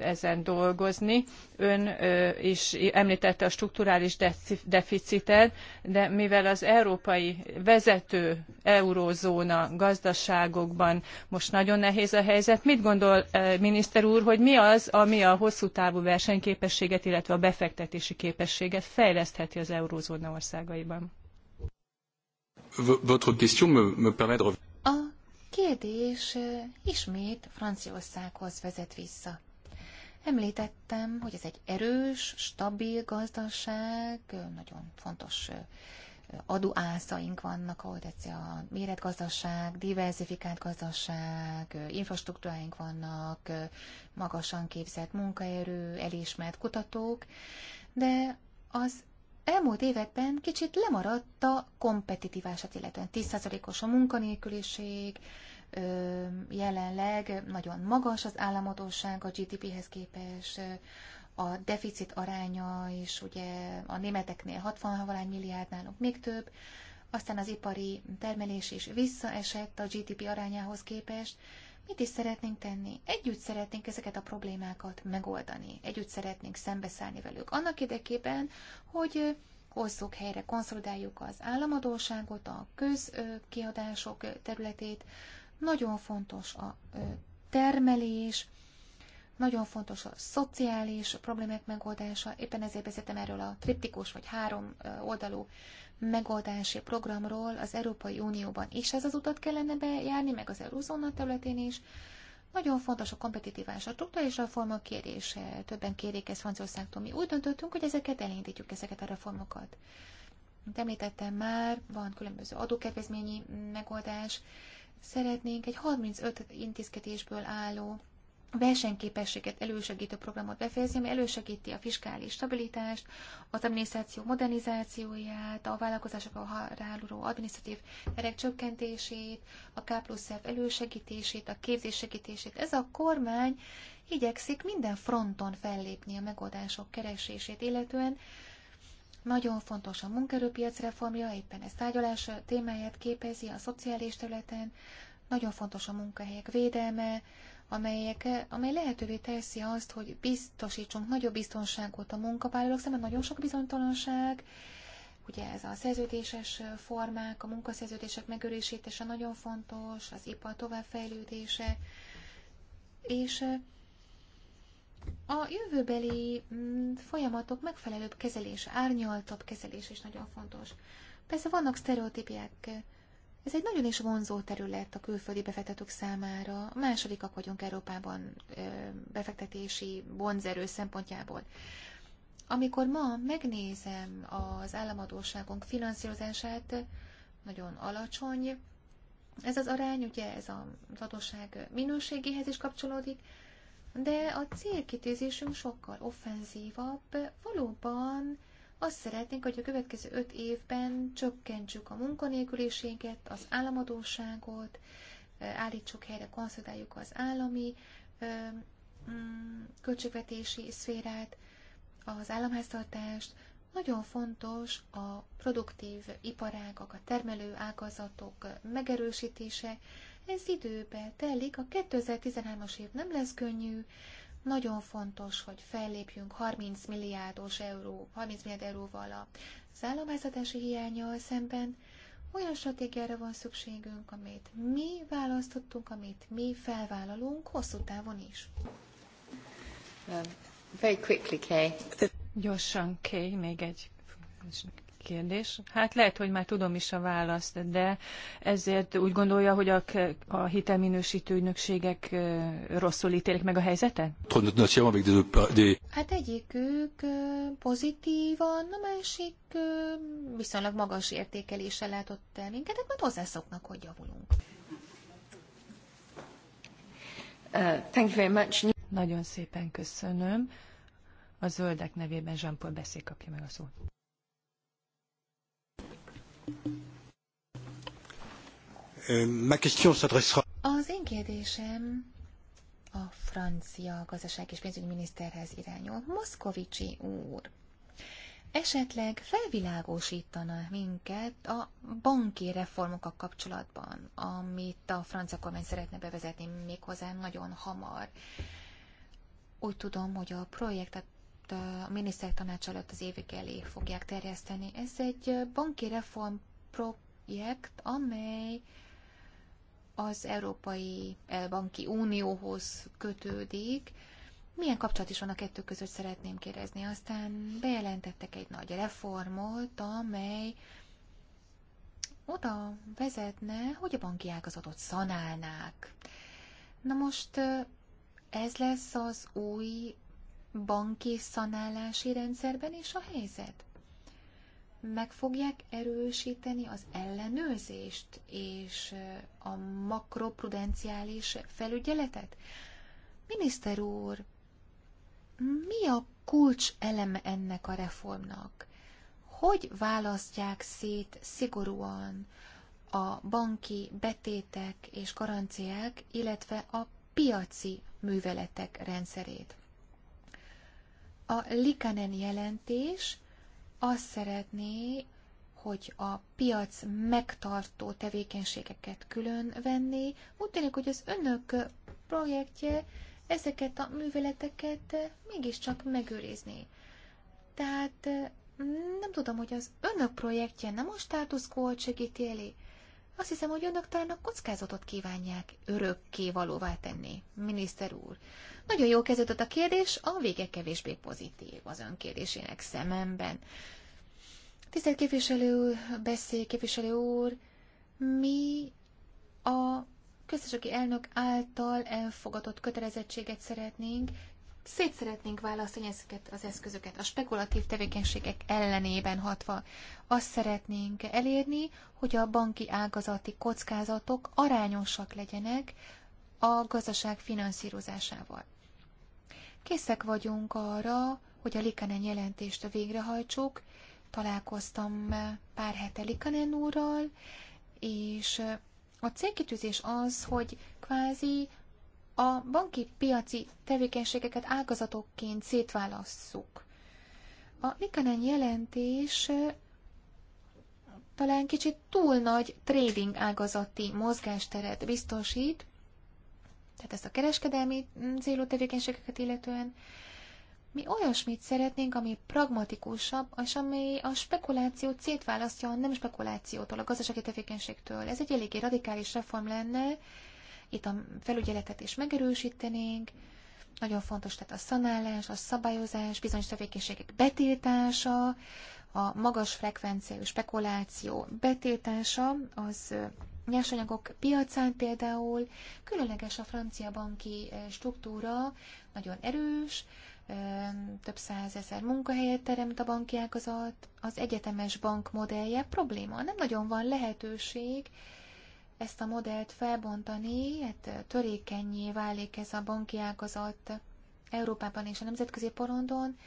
ezen dolgozni. Ön ö, is említette a strukturális deficitet, de mivel az európai vezető eurózóna gazdaságokban most nagyon nehéz a helyzet, mit gondol ö, miniszter úr, hogy mi az, ami a hosszú távú versenyképességet, illetve a befektetési képességet fejlesztheti az eurózóna országaiban. Votre question me, me permet de... A kérdés ismét Franciaországhoz vezet vissza. Említettem, hogy ez egy erős, stabil gazdaság, nagyon fontos adóászaink vannak, ahol tetszik a méretgazdaság, diversifikált gazdaság, infrastruktúráink vannak, magasan képzett munkaerő, elismert kutatók, de az elmúlt években kicsit lemaradt a kompetitivását, illetve 10%-os a munkanélküliség, jelenleg nagyon magas az államadóság a GDP-hez képest, a deficit aránya is, ugye a németeknél 60 valány milliárd, nálunk még több, aztán az ipari termelés is visszaesett a GDP arányához képest. Mit is szeretnénk tenni? Együtt szeretnénk ezeket a problémákat megoldani, együtt szeretnénk szembeszállni velük. Annak érdekében, hogy hozzuk helyre, konszolidáljuk az államadóságot, a közkiadások területét. Nagyon fontos a termelés, nagyon fontos a szociális problémák megoldása, éppen ezért beszéltem erről a triptikus vagy három oldalú megoldási programról az Európai Unióban is ez az utat kellene bejárni, meg az Eurózóna területén is. Nagyon fontos a kompetitív és reformok kérdése. Többen kérik ezt Franciaországtól. Mi úgy döntöttünk, hogy ezeket elindítjuk, ezeket a reformokat. Mint említettem már, van különböző adókedvezményi megoldás. Szeretnénk egy 35 intézkedésből álló a versenyképességet elősegítő programot befejezni, ami elősegíti a fiskális stabilitást, az adminisztráció modernizációját, a vállalkozásokra ráluló adminisztratív erek csökkentését, a K plusz F elősegítését, a képzés segítését. Ez a kormány igyekszik minden fronton fellépni a megoldások keresését, illetően nagyon fontos a munkerőpiac reformja, éppen ez tárgyalás témáját képezi a szociális területen, nagyon fontos a munkahelyek védelme, amelyek, amely lehetővé teszi azt, hogy biztosítsunk nagyobb biztonságot a munkavállalók szemben, nagyon sok bizonytalanság, ugye ez a szerződéses formák, a munkaszerződések megőrizése nagyon fontos, az ipar továbbfejlődése, és eh, a jövőbeli mm, folyamatok megfelelőbb kezelése, árnyaltabb kezelése is nagyon fontos. Persze vannak sztereotípiák, ez egy nagyon is vonzó terület a külföldi befektetők számára. A másodikak vagyunk Európában befektetési vonzerő szempontjából. Amikor ma megnézem az államadóságunk finanszírozását, nagyon alacsony, ez az arány, ugye ez az adóság minőségéhez is kapcsolódik, de a célkitűzésünk sokkal offenzívabb, valóban azt szeretnénk, hogy a következő öt évben csökkentsük a munkanélküliséget, az államadóságot, állítsuk helyre, konszolidáljuk az állami mm, költségvetési szférát, az államháztartást. Nagyon fontos a produktív iparágak, a termelő ágazatok megerősítése. Ez időbe telik, a 2013-as év nem lesz könnyű, nagyon fontos, hogy fellépjünk 30 milliárdos euró, 30 milliárd euróval a államházatási hiányjal szemben. Olyan stratégiára van szükségünk, amit mi választottunk, amit mi felvállalunk hosszú távon is. Um, very quickly, Kay. Gyorsan, Kay, még egy kérdés. Hát lehet, hogy már tudom is a választ, de ezért úgy gondolja, hogy a, a hitelminősítő ügynökségek rosszul ítélik meg a helyzetet? Hát egyikük pozitívan, a másik viszonylag magas értékeléssel látott el minket, tehát majd hozzászoknak, hogy javulunk. Uh, thank you very much. Nagyon szépen köszönöm. A zöldek nevében Jean-Paul beszél, kapja meg a szót. Az én kérdésem a francia gazdaság és pénzügyi miniszterhez irányul. Moszkovicsi úr, esetleg felvilágosítana minket a banki reformokkal kapcsolatban, amit a francia kormány szeretne bevezetni méghozzá nagyon hamar. Úgy tudom, hogy a projekt, a a miniszter tanács alatt az évig elé fogják terjeszteni. Ez egy banki reform projekt, amely az Európai Banki Unióhoz kötődik. Milyen kapcsolat is van a kettő között, szeretném kérdezni. Aztán bejelentettek egy nagy reformot, amely oda vezetne, hogy a banki ágazatot szanálnák. Na most eh, ez lesz az új banki szanálási rendszerben is a helyzet? Meg fogják erősíteni az ellenőrzést és eh, a makroprudenciális felügyeletet? Miniszter úr, mi a kulcs eleme ennek a reformnak? Hogy választják szét szigorúan a banki betétek és garanciák, illetve a piaci műveletek rendszerét? A Likanen jelentés azt szeretné, hogy a piac megtartó tevékenységeket külön venni. Úgy tűnik, hogy az önök projektje ezeket a műveleteket mégiscsak megőrizni. Tehát eh, nem tudom, hogy az önök projektje nem a status quo segíti elé. Azt hiszem, hogy önök talán a kockázatot kívánják örökké valóvá tenni, miniszter úr. Nagyon jó kezdődött a kérdés, a vége kevésbé pozitív az ön kérdésének szememben. Tisztelt képviselő, beszél képviselő úr, mi a köztesöki elnök által elfogadott kötelezettséget szeretnénk szét szeretnénk választani ezeket az eszközöket a spekulatív tevékenységek ellenében hatva. Azt szeretnénk elérni, hogy a banki ágazati kockázatok arányosak legyenek a gazdaság finanszírozásával. Készek vagyunk arra, hogy a Likanen jelentést végrehajtsuk. Találkoztam pár hete Likanen úrral, és a célkitűzés az, hogy kvázi a banki piaci tevékenységeket ágazatokként szétválasszuk. A Nikanen jelentés talán kicsit túl nagy trading ágazati mozgásteret biztosít, tehát ezt a kereskedelmi célú tevékenységeket illetően, mi olyasmit szeretnénk, ami pragmatikusabb, és ami a spekulációt szétválasztja a nem spekulációtól, a gazdasági tevékenységtől. Ez egy eléggé radikális reform lenne, itt a felügyeletet is megerősítenénk. Nagyon fontos tehát a szanálás, a szabályozás, bizonyos tevékenységek betiltása, a magas frekvenciájú spekuláció betiltása, az nyersanyagok piacán például különleges a francia banki struktúra, nagyon erős, több százezer munkahelyet teremt a banki ágazat, az egyetemes bank modellje probléma, nem nagyon van lehetőség ezt a modellt felbontani, hát törékenyé válik ez a banki ágazat Európában és a nemzetközi porondon,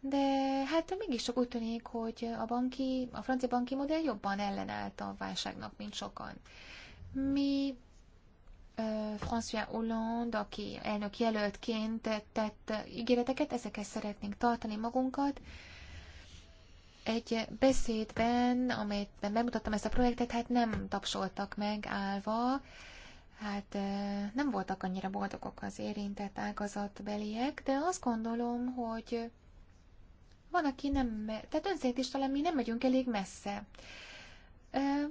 de hát mégiscsak úgy tűnik, hogy a, banki, a francia banki modell jobban ellenállt a válságnak, mint sokan. Mi François Hollande, aki elnök jelöltként tett ígéreteket, ezeket szeretnénk tartani magunkat, egy beszédben, amelyben bemutattam ezt a projektet, hát nem tapsoltak meg állva, hát nem voltak annyira boldogok az érintett ágazatbeliek, de azt gondolom, hogy van, aki nem, tehát önszint is talán mi nem megyünk elég messze.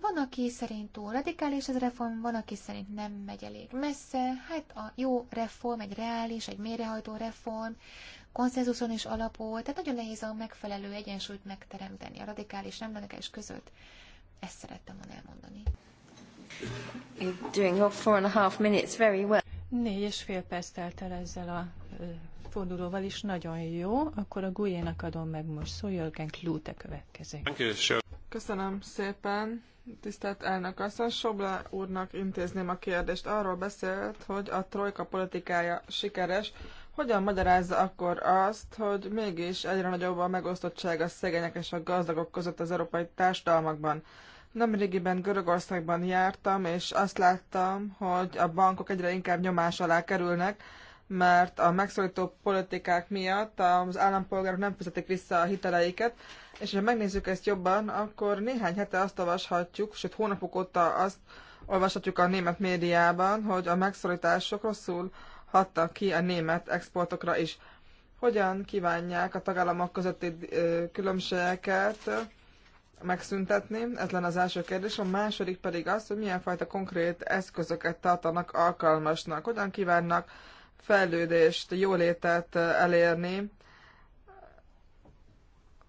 Van, aki szerint túl radikális ez a reform, van, aki szerint nem megy elég messze. Hát a jó reform, egy reális, egy mérehajtó reform, konszenzuson is alapul, tehát nagyon nehéz a megfelelő egyensúlyt megteremteni a radikális, nem radikális között. Ezt szerettem volna elmondani. doing your four and a half minutes very well. Négy és fél perc telt el ezzel a fordulóval is nagyon jó. Akkor a Gulyénak adom meg most szó, Jörgen Klute következik. Köszönöm szépen, tisztelt elnök asszony. Sobla úrnak intézném a kérdést. Arról beszélt, hogy a trojka politikája sikeres, hogyan magyarázza akkor azt, hogy mégis egyre nagyobb a megosztottság a szegények és a gazdagok között az európai társadalmakban? Nemrégiben Görögországban jártam, és azt láttam, hogy a bankok egyre inkább nyomás alá kerülnek, mert a megszorító politikák miatt az állampolgárok nem fizetik vissza a hiteleiket, és ha megnézzük ezt jobban, akkor néhány hete azt olvashatjuk, sőt hónapok óta azt olvashatjuk a német médiában, hogy a megszorítások rosszul hatta ki a német exportokra is. Hogyan kívánják a tagállamok közötti különbségeket megszüntetni? Ez lenne az első kérdés. A második pedig az, hogy milyen fajta konkrét eszközöket tartanak alkalmasnak. Hogyan kívánnak fejlődést, jólétet elérni,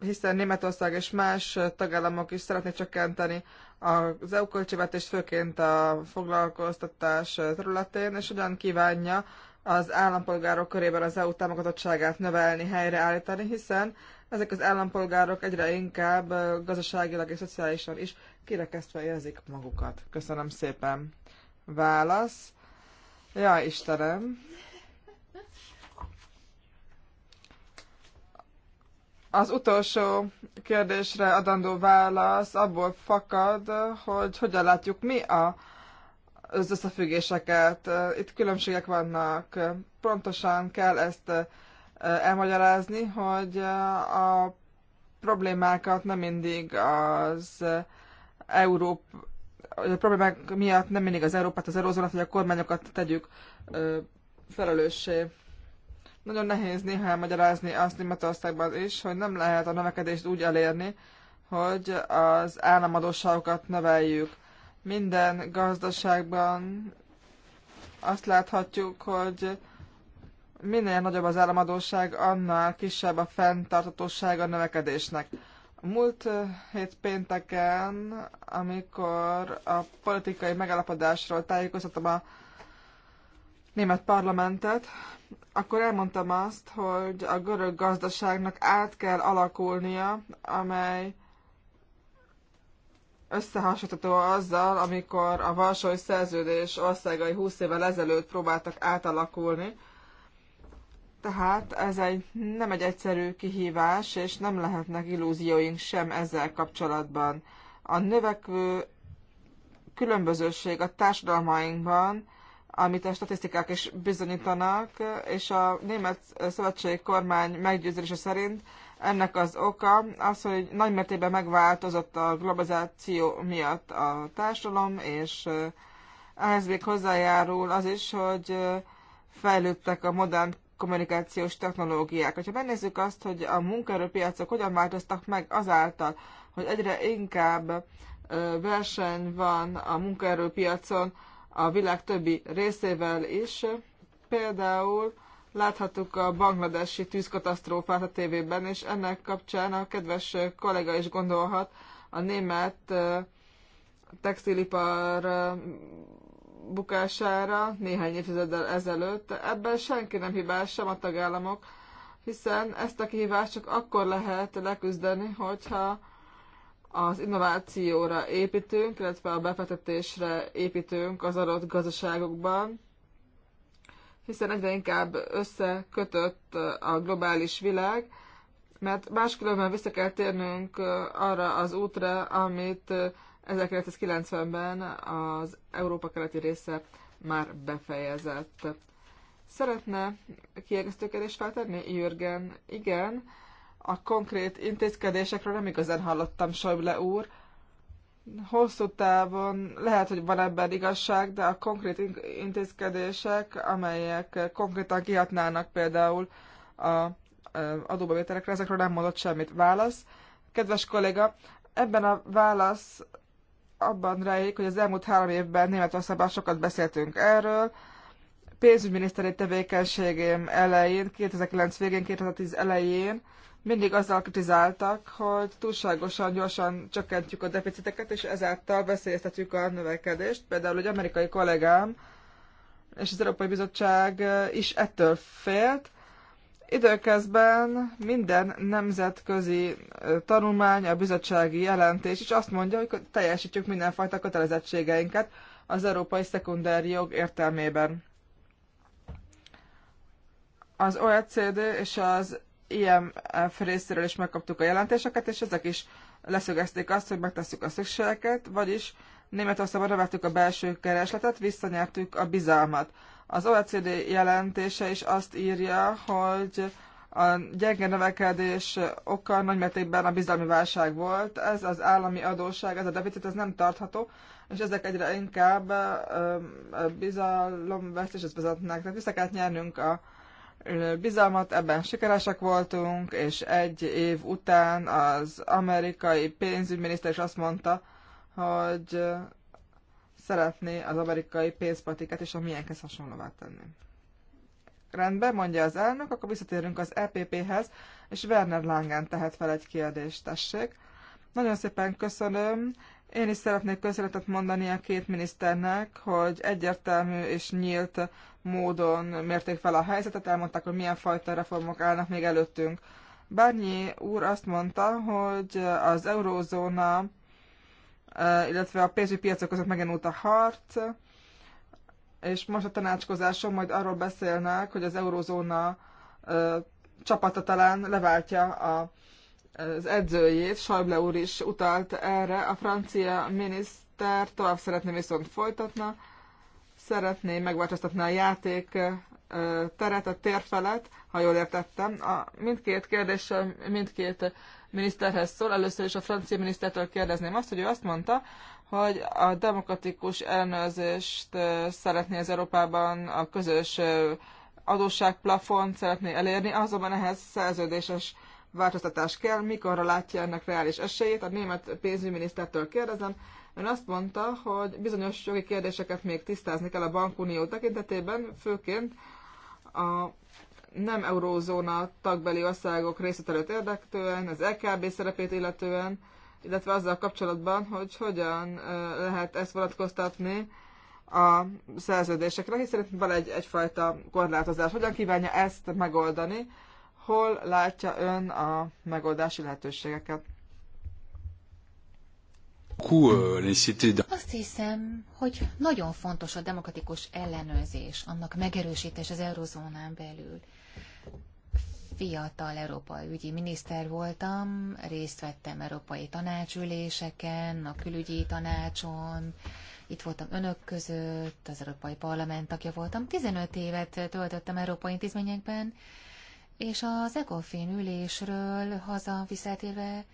hiszen Németország és más tagállamok is szeretné csökkenteni az EU költségvetést, főként a foglalkoztatás területén, és hogyan kívánja az állampolgárok körében az EU támogatottságát növelni, helyreállítani, hiszen ezek az állampolgárok egyre inkább gazdaságilag és szociálisan is kirekesztve érzik magukat. Köszönöm szépen. Válasz. Ja, Istenem. Az utolsó kérdésre adandó válasz abból fakad, hogy hogyan látjuk mi a az összefüggéseket. Itt különbségek vannak. Pontosan kell ezt eh, elmagyarázni, hogy eh, a problémákat nem mindig az eh, Európ, a problémák miatt nem mindig az Európát, az Eurózónát, vagy a kormányokat tegyük felelőssé. Nagyon nehéz néha elmagyarázni azt Németországban is, hogy nem lehet a növekedést úgy elérni, hogy az államadóságokat növeljük minden gazdaságban azt láthatjuk, hogy minél nagyobb az államadóság, annál kisebb a fenntartatóság a növekedésnek. Múlt eh, hét pénteken, amikor a politikai megállapodásról tájékoztattam a német parlamentet, akkor elmondtam azt, hogy a görög gazdaságnak át kell alakulnia, amely összehasonlítható azzal, amikor a Varsói Szerződés országai 20 évvel ezelőtt próbáltak átalakulni. Tehát ez egy, nem egy egyszerű kihívás, és nem lehetnek illúzióink sem ezzel kapcsolatban. A növekvő különbözőség a társadalmainkban, amit a statisztikák is bizonyítanak, és a német szövetségi kormány meggyőződése szerint ennek az oka az, hogy nagymértékben megváltozott a globalizáció miatt a társadalom, és ehhez még hozzájárul az is, hogy fejlődtek a modern kommunikációs technológiák. Ha megnézzük azt, hogy a munkaerőpiacok hogyan változtak meg azáltal, hogy egyre inkább verseny van a munkaerőpiacon a világ többi részével is, például Láthattuk a bangladesi tűzkatasztrófát a tévében, és ennek kapcsán a kedves kollega is gondolhat a német textilipar bukására néhány évtizeddel ezelőtt. Ebben senki nem hibás, sem a tagállamok, hiszen ezt a kihívást csak akkor lehet leküzdeni, hogyha az innovációra építünk, illetve a befektetésre építünk az adott gazdaságokban, hiszen egyre inkább összekötött a globális világ, mert máskülönben vissza kell térnünk arra az útra, amit 1990-ben az Európa keleti része már befejezett. Szeretne kiegészítő kérdést feltenni, Jürgen? Igen, a konkrét intézkedésekről nem igazán hallottam, Schäuble úr hosszú távon lehet, hogy van ebben igazság, de a konkrét intézkedések, amelyek konkrétan kihatnának például a adóbevételekre, ezekről nem mondott semmit. Válasz. Kedves kolléga, ebben a válasz abban rejlik, hogy az elmúlt három évben Németországban sokat beszéltünk erről. Pénzügyminiszteri tevékenységém elején, 2009 végén, 2010 elején mindig azzal kritizáltak, hogy túlságosan gyorsan csökkentjük a deficiteket, és ezáltal veszélyeztetjük a növekedést. Például egy amerikai kollégám és az Európai Bizottság is ettől félt. Időközben minden nemzetközi tanulmány, a bizottsági jelentés is azt mondja, hogy teljesítjük mindenfajta kötelezettségeinket az európai szekundári jog értelmében. Az OECD és az ilyen részéről is megkaptuk a jelentéseket, és ezek is leszögezték azt, hogy megtesszük a szükségeket, vagyis Németországban növeltük a belső keresletet, visszanyertük a bizalmat. Az OECD jelentése is azt írja, hogy a gyenge növekedés oka nagymértékben a bizalmi válság volt. Ez az állami adósság, ez a deficit, ez nem tartható, és ezek egyre inkább bizalomvesztéshez vezetnek. Tehát vissza kell nyernünk a bizalmat, ebben sikeresek voltunk, és egy év után az amerikai pénzügyminiszter is azt mondta, hogy szeretné az amerikai pénzpatikát és a miénkhez hasonlóvá tenni. Rendben, mondja az elnök, akkor visszatérünk az EPP-hez, és Werner Langen tehet fel egy kérdést, tessék. Nagyon szépen köszönöm. Én is szeretnék köszönetet mondani a két miniszternek, hogy egyértelmű és nyílt módon mérték fel a helyzetet, elmondták, hogy milyen fajta reformok állnak még előttünk. Bárnyi úr azt mondta, hogy az eurózóna, e, illetve a pénzügyi piacok között megindult a harc, és most a tanácskozáson majd arról beszélnek, hogy az eurózóna e, csapata talán leváltja a, az edzőjét, Schäuble úr is utalt erre, a francia miniszter tovább szeretné viszont folytatna, szeretné megváltoztatni a játék teret, a térfelet, ha jól értettem. A mindkét kérdés mindkét miniszterhez szól. Először is a francia minisztertől kérdezném azt, hogy ő azt mondta, hogy a demokratikus ellenőrzést szeretné az Európában a közös adósságplafont szeretné elérni, azonban ehhez szerződéses változtatás kell. Mikorra látja ennek reális esélyét? A német pénzügyminisztertől kérdezem, Ön azt mondta, hogy bizonyos jogi kérdéseket még tisztázni kell a bankunió tekintetében, főként a nem eurózóna tagbeli országok részletelőt érdektően, az LKB szerepét illetően, illetve azzal kapcsolatban, hogy hogyan lehet ezt vonatkoztatni a szerződésekre, hiszen itt van egy, egyfajta korlátozás. Hogyan kívánja ezt megoldani? Hol látja ön a megoldási lehetőségeket? Euh, Azt hiszem, hogy nagyon fontos a demokratikus ellenőrzés, annak megerősítés az eurozónán belül. Fiatal európai ügyi miniszter voltam, részt vettem európai tanácsüléseken, a külügyi tanácson, itt voltam önök között, az Európai Parlament tagja voltam, 15 évet töltöttem európai intézményekben, és az ECOFIN ülésről haza visszatérve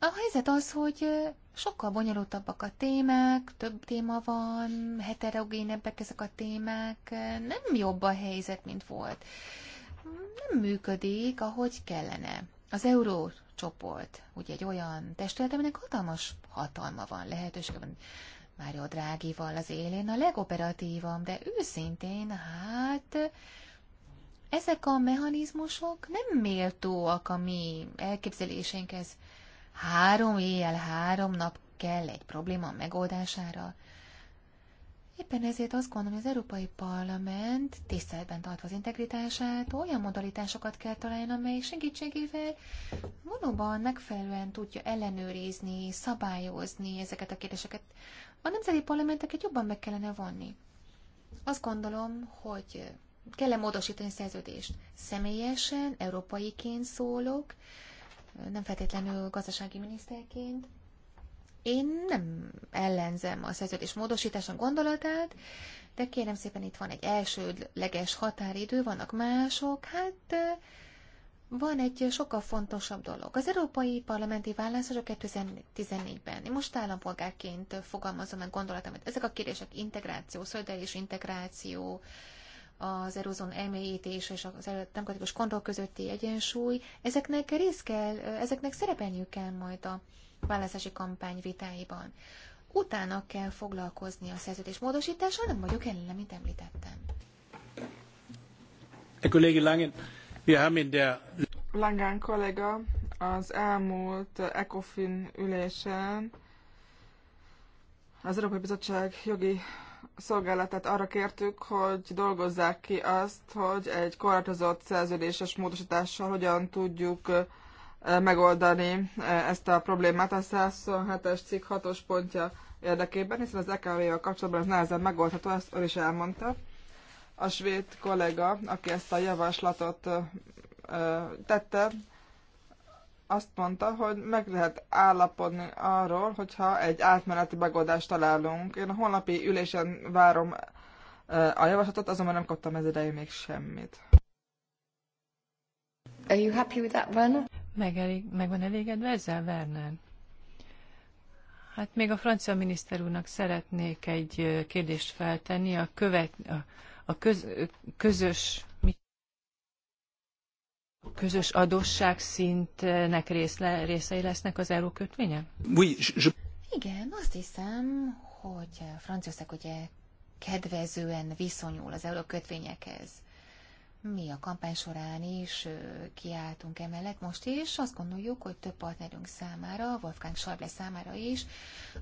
a helyzet az, hogy sokkal bonyolultabbak a témák, több téma van, heterogénebbek ezek a témák, nem jobb a helyzet, mint volt. Nem működik, ahogy kellene. Az euró csoport, ugye egy olyan testület, aminek hatalmas hatalma van, lehetősége van. Mário Drágival az élén a legoperatívam, de őszintén, hát ezek a mechanizmusok nem méltóak a mi elképzeléseinkhez három éjjel, három nap kell egy probléma megoldására. Éppen ezért azt gondolom, hogy az Európai Parlament tiszteletben tartva az integritását olyan modalitásokat kell találni, amely segítségével valóban megfelelően tudja ellenőrizni, szabályozni ezeket a kérdéseket. A nemzeti parlamenteket jobban meg kellene vonni. Azt gondolom, hogy kell -e módosítani szerződést. Személyesen, európaiként szólok, nem feltétlenül gazdasági miniszterként. Én nem ellenzem a szerződés módosítása gondolatát, de kérem szépen itt van egy elsődleges határidő, vannak mások, hát van egy sokkal fontosabb dolog. Az európai parlamenti választások 2014-ben, most állampolgárként fogalmazom meg gondolatomat, ezek a kérdések integráció, szolidaritás integráció az erozon elmélyítés és az demokratikus kontroll közötti egyensúly, ezeknek rész kell, ezeknek szerepelniük kell majd a választási kampány vitáiban. Utána kell foglalkozni a szerződés módosítással, nem vagyok ellen, mint említettem. Langen, Langán kollega az elmúlt ECOFIN ülésen az Európai Bizottság jogi szolgálatát arra kértük, hogy dolgozzák ki azt, hogy egy korlátozott szerződéses módosítással hogyan tudjuk megoldani ezt a problémát a 127-es cikk 6-os pontja érdekében, hiszen az EKV-vel kapcsolatban ez nehezen megoldható, ezt ő is elmondta. A svéd kollega, aki ezt a javaslatot tette, azt mondta, hogy meg lehet állapodni arról, hogyha egy átmeneti megoldást találunk. Én a holnapi ülésen várom eh, a javaslatot, azonban nem kaptam ez idején még semmit. Are you happy with that, Werner? Meg, elég, meg van elégedve ezzel, Werner? Hát még a francia miniszter úrnak szeretnék egy eh, kérdést feltenni a, követ, a, a köz, közös közös adósságszintnek részle, részei lesznek az eurókötvények? Oui, je... Igen, azt hiszem, hogy Franciaország ugye kedvezően viszonyul az eurókötvényekhez. Mi a kampány során is kiálltunk emellett most is, azt gondoljuk, hogy több partnerünk számára, Wolfgang Schäuble számára is,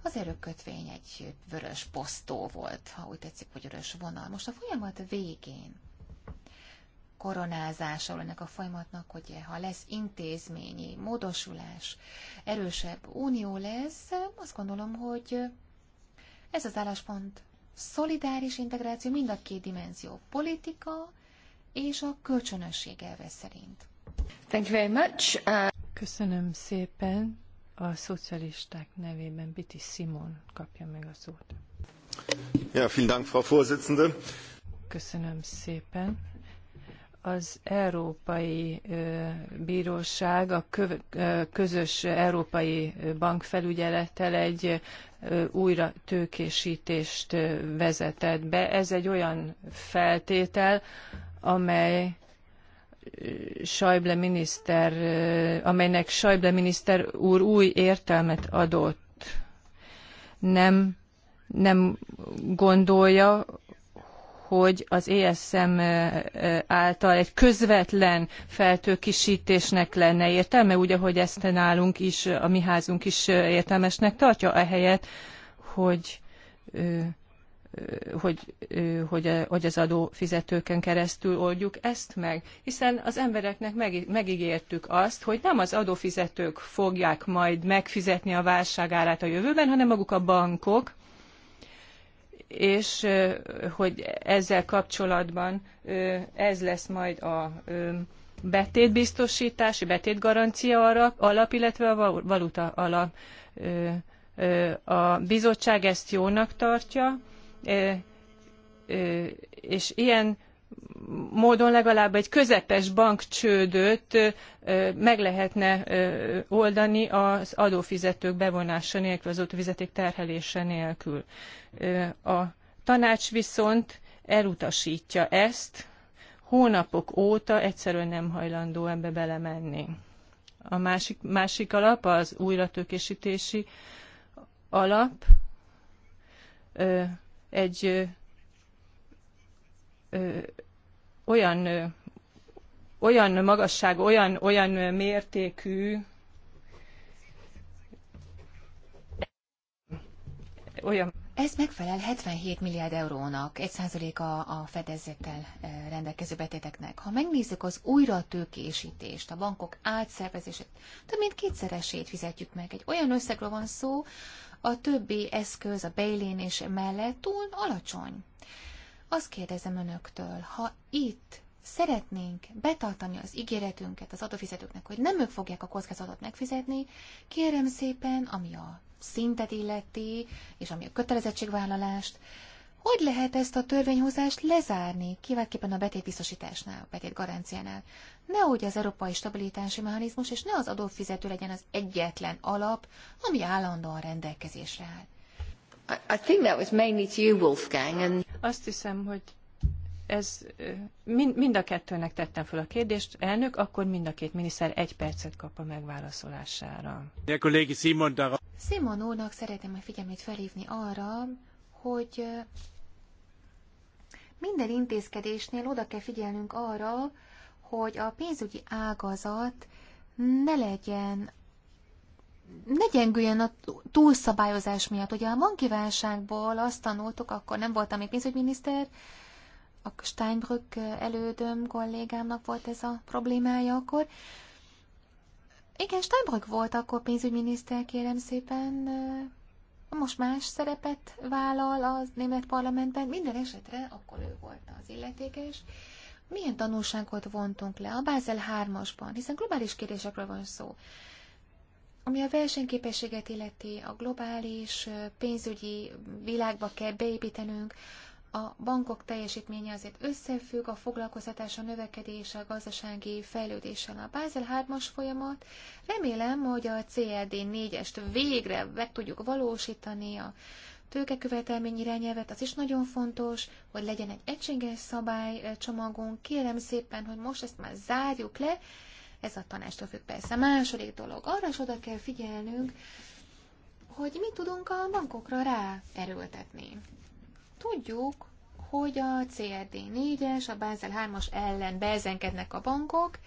az erőkötvény egy vörös posztó volt, ha úgy tetszik, hogy vörös vonal. Most a folyamat végén koronázásról ennek a folyamatnak, hogy ha lesz intézményi módosulás, erősebb unió lesz, azt gondolom, hogy ez az álláspont szolidáris integráció mind a két dimenzió, politika és a kölcsönösség elve szerint. Thank you very much. Uh... Köszönöm szépen. A szocialisták nevében Biti Simon kapja meg a szót. Ja, vielen Dank, Frau Vorsitzende. Köszönöm szépen, az Európai Bíróság a közös európai bankfelügyelettel egy újra tőkésítést vezetett be. Ez egy olyan feltétel, amely Schäuble miniszter, amelynek Schäuble miniszter úr új értelmet adott. Nem, nem gondolja, hogy az ESM által egy közvetlen feltőkisítésnek lenne értelme, úgy, ahogy ezt nálunk is, a mi házunk is értelmesnek tartja, ehelyett, hogy hogy, hogy, hogy az adófizetőken keresztül oldjuk ezt meg. Hiszen az embereknek megígértük azt, hogy nem az adófizetők fogják majd megfizetni a válságárát a jövőben, hanem maguk a bankok, és hogy ezzel kapcsolatban ez lesz majd a betétbiztosítási, betétgarancia alap, illetve a valuta alap. A bizottság ezt jónak tartja, és ilyen módon legalább egy közepes bankcsődöt meg lehetne oldani az adófizetők bevonása nélkül, az adófizeték terhelése nélkül. A tanács viszont elutasítja ezt, hónapok óta egyszerűen nem hajlandó ebbe belemenni. A másik, másik alap az újratőkésítési alap, egy olyan, olyan magasság, olyan, olyan mértékű, olyan ez megfelel 77 milliárd eurónak, 1% a, a fedezettel rendelkező betéteknek. Ha megnézzük az újra tőkésítést, a bankok átszervezését, több mint kétszeresét fizetjük meg. Egy olyan összegről van szó, a többi eszköz a bail és mellett túl alacsony. Azt kérdezem önöktől, ha itt szeretnénk betartani az ígéretünket az adófizetőknek, hogy nem ők fogják a kockázatot megfizetni, kérem szépen, ami a szintet illeti, és ami a kötelezettségvállalást, hogy lehet ezt a törvényhozást lezárni, kiváltképpen a betétbiztosításnál, a betét garanciánál? Nehogy az európai stabilitási mechanizmus és ne az adófizető legyen az egyetlen alap, ami állandóan rendelkezésre áll. I think that was mainly to you, Wolfgang. And... Azt hiszem, hogy ez mind, mind a kettőnek tettem fel a kérdést. Elnök, akkor mind a két miniszter egy percet kap a megválaszolására. Simon, dar... Simon úrnak szeretném a figyelmét felhívni arra, hogy minden intézkedésnél oda kell figyelnünk arra, hogy a pénzügyi ágazat ne legyen ne gyengüljön a túlszabályozás miatt. Ugye a bankiválságból azt tanultuk, akkor nem voltam még pénzügyminiszter, a Steinbrück elődöm kollégámnak volt ez a problémája akkor. Igen, Steinbrück volt akkor pénzügyminiszter, kérem szépen. Most más szerepet vállal a német parlamentben. Minden esetre akkor ő volt az illetékes. Milyen tanulságot vontunk le a Bázel 3-asban, hiszen globális kérdésekről van szó. Ami a versenyképességet illeti, a globális pénzügyi világba kell beépítenünk, a bankok teljesítménye azért összefügg a foglalkoztatás, a növekedés, a gazdasági fejlődéssel. A Basel 3-as folyamat, remélem, hogy a CLD 4-est végre meg tudjuk valósítani, a tőkekövetelmény irányelvet, az is nagyon fontos, hogy legyen egy egységes szabálycsomagunk. Kérem szépen, hogy most ezt már zárjuk le, ez a tanástól függ persze. A második dolog, arra is oda kell figyelnünk, hogy mit tudunk a bankokra ráerőltetni. Tudjuk, hogy a CRD 4-es, a Basel 3-as ellen bezenkednek a bankok,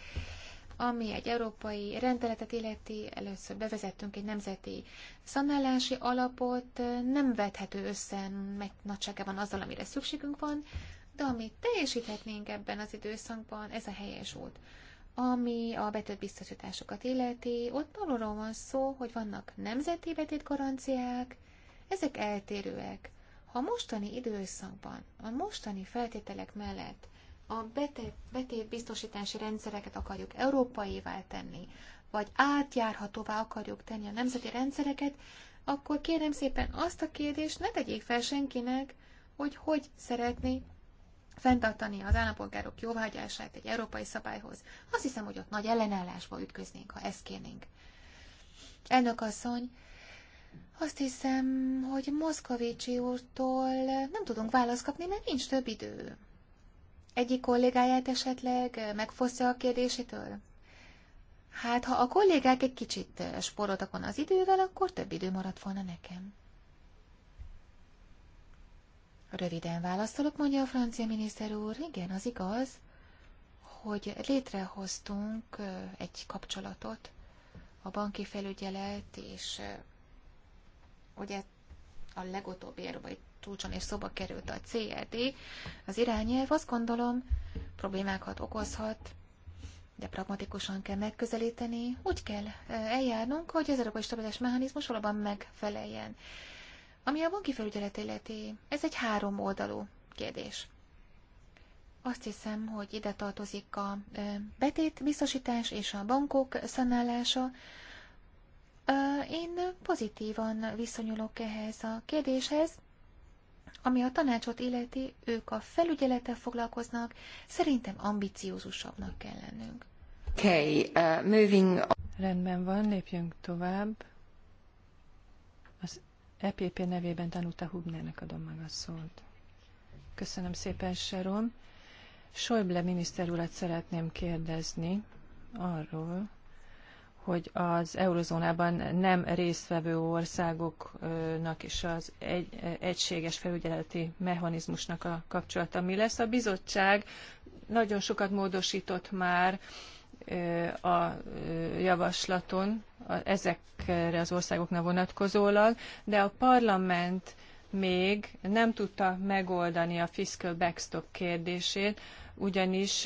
ami egy európai rendeletet illeti, először bevezettünk egy nemzeti szanálási alapot, nem vethető össze, meg nagyságában azzal, amire szükségünk van, de amit teljesíthetnénk ebben az időszakban, ez a helyes út. Ami a betölt biztosításokat illeti, ott arról van szó, hogy vannak nemzeti betét garanciák, ezek eltérőek. Ha a mostani időszakban, a mostani feltételek mellett a betét, betét biztosítási rendszereket akarjuk európaivá tenni, vagy átjárhatóvá akarjuk tenni a nemzeti rendszereket, akkor kérem szépen azt a kérdést ne tegyék fel senkinek, hogy hogy szeretné fenntartani az állampolgárok jóvágyását egy európai szabályhoz. Azt hiszem, hogy ott nagy ellenállásba ütköznénk, ha ezt kérnénk. Elnök asszony, azt hiszem, hogy Moszkovicsi úrtól nem tudunk választ kapni, mert nincs több idő. Egyik kollégáját esetleg megfosztja a kérdésétől? Hát, ha a kollégák egy kicsit sporoltak volna az idővel, akkor több idő maradt volna nekem. Röviden válaszolok, mondja a francia miniszter úr. Igen, az igaz, hogy létrehoztunk egy kapcsolatot a banki felügyelet, és ugye a legutóbbi európai csúcson és szoba került a CLD, e az irányelv azt gondolom problémákat okozhat, de pragmatikusan kell megközelíteni, úgy kell eljárnunk, hogy az európai stabilitás mechanizmus valóban megfeleljen ami a banki felügyelet illeti, ez egy három oldalú kérdés. Azt hiszem, hogy ide tartozik a betét, biztosítás és a bankok szanálása. Én pozitívan viszonyulok ehhez a kérdéshez, ami a tanácsot illeti, ők a felügyelettel foglalkoznak, szerintem ambiciózusabbnak kell lennünk. Okay, uh, moving on. Rendben van, lépjünk tovább. EPP nevében tanulta Hubnernek adom meg a szót. Köszönöm szépen, Sharon. Schäuble miniszter urat szeretném kérdezni arról, hogy az eurozónában nem résztvevő országoknak és az egy, egységes felügyeleti mechanizmusnak a kapcsolata mi lesz. A bizottság nagyon sokat módosított már a javaslaton ezekre az országoknak vonatkozólag, de a parlament még nem tudta megoldani a fiscal backstop kérdését, ugyanis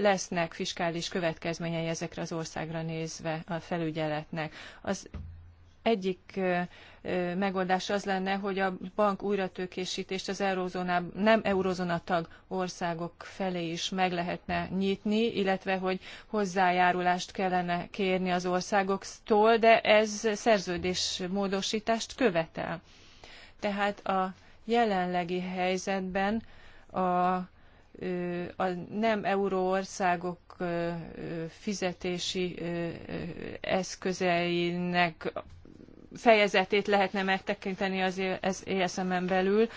lesznek fiskális következményei ezekre az országra nézve a felügyeletnek. Az egyik megoldás az lenne, hogy a bank újratőkésítést az eurozóná, nem eurozóna tag országok felé is meg lehetne nyitni, illetve hogy hozzájárulást kellene kérni az országoktól, de ez szerződés módosítást követel. Tehát a jelenlegi helyzetben a a nem euró országok fizetési eszközeinek fejezetét lehetne megtekinteni az ESM-en e belül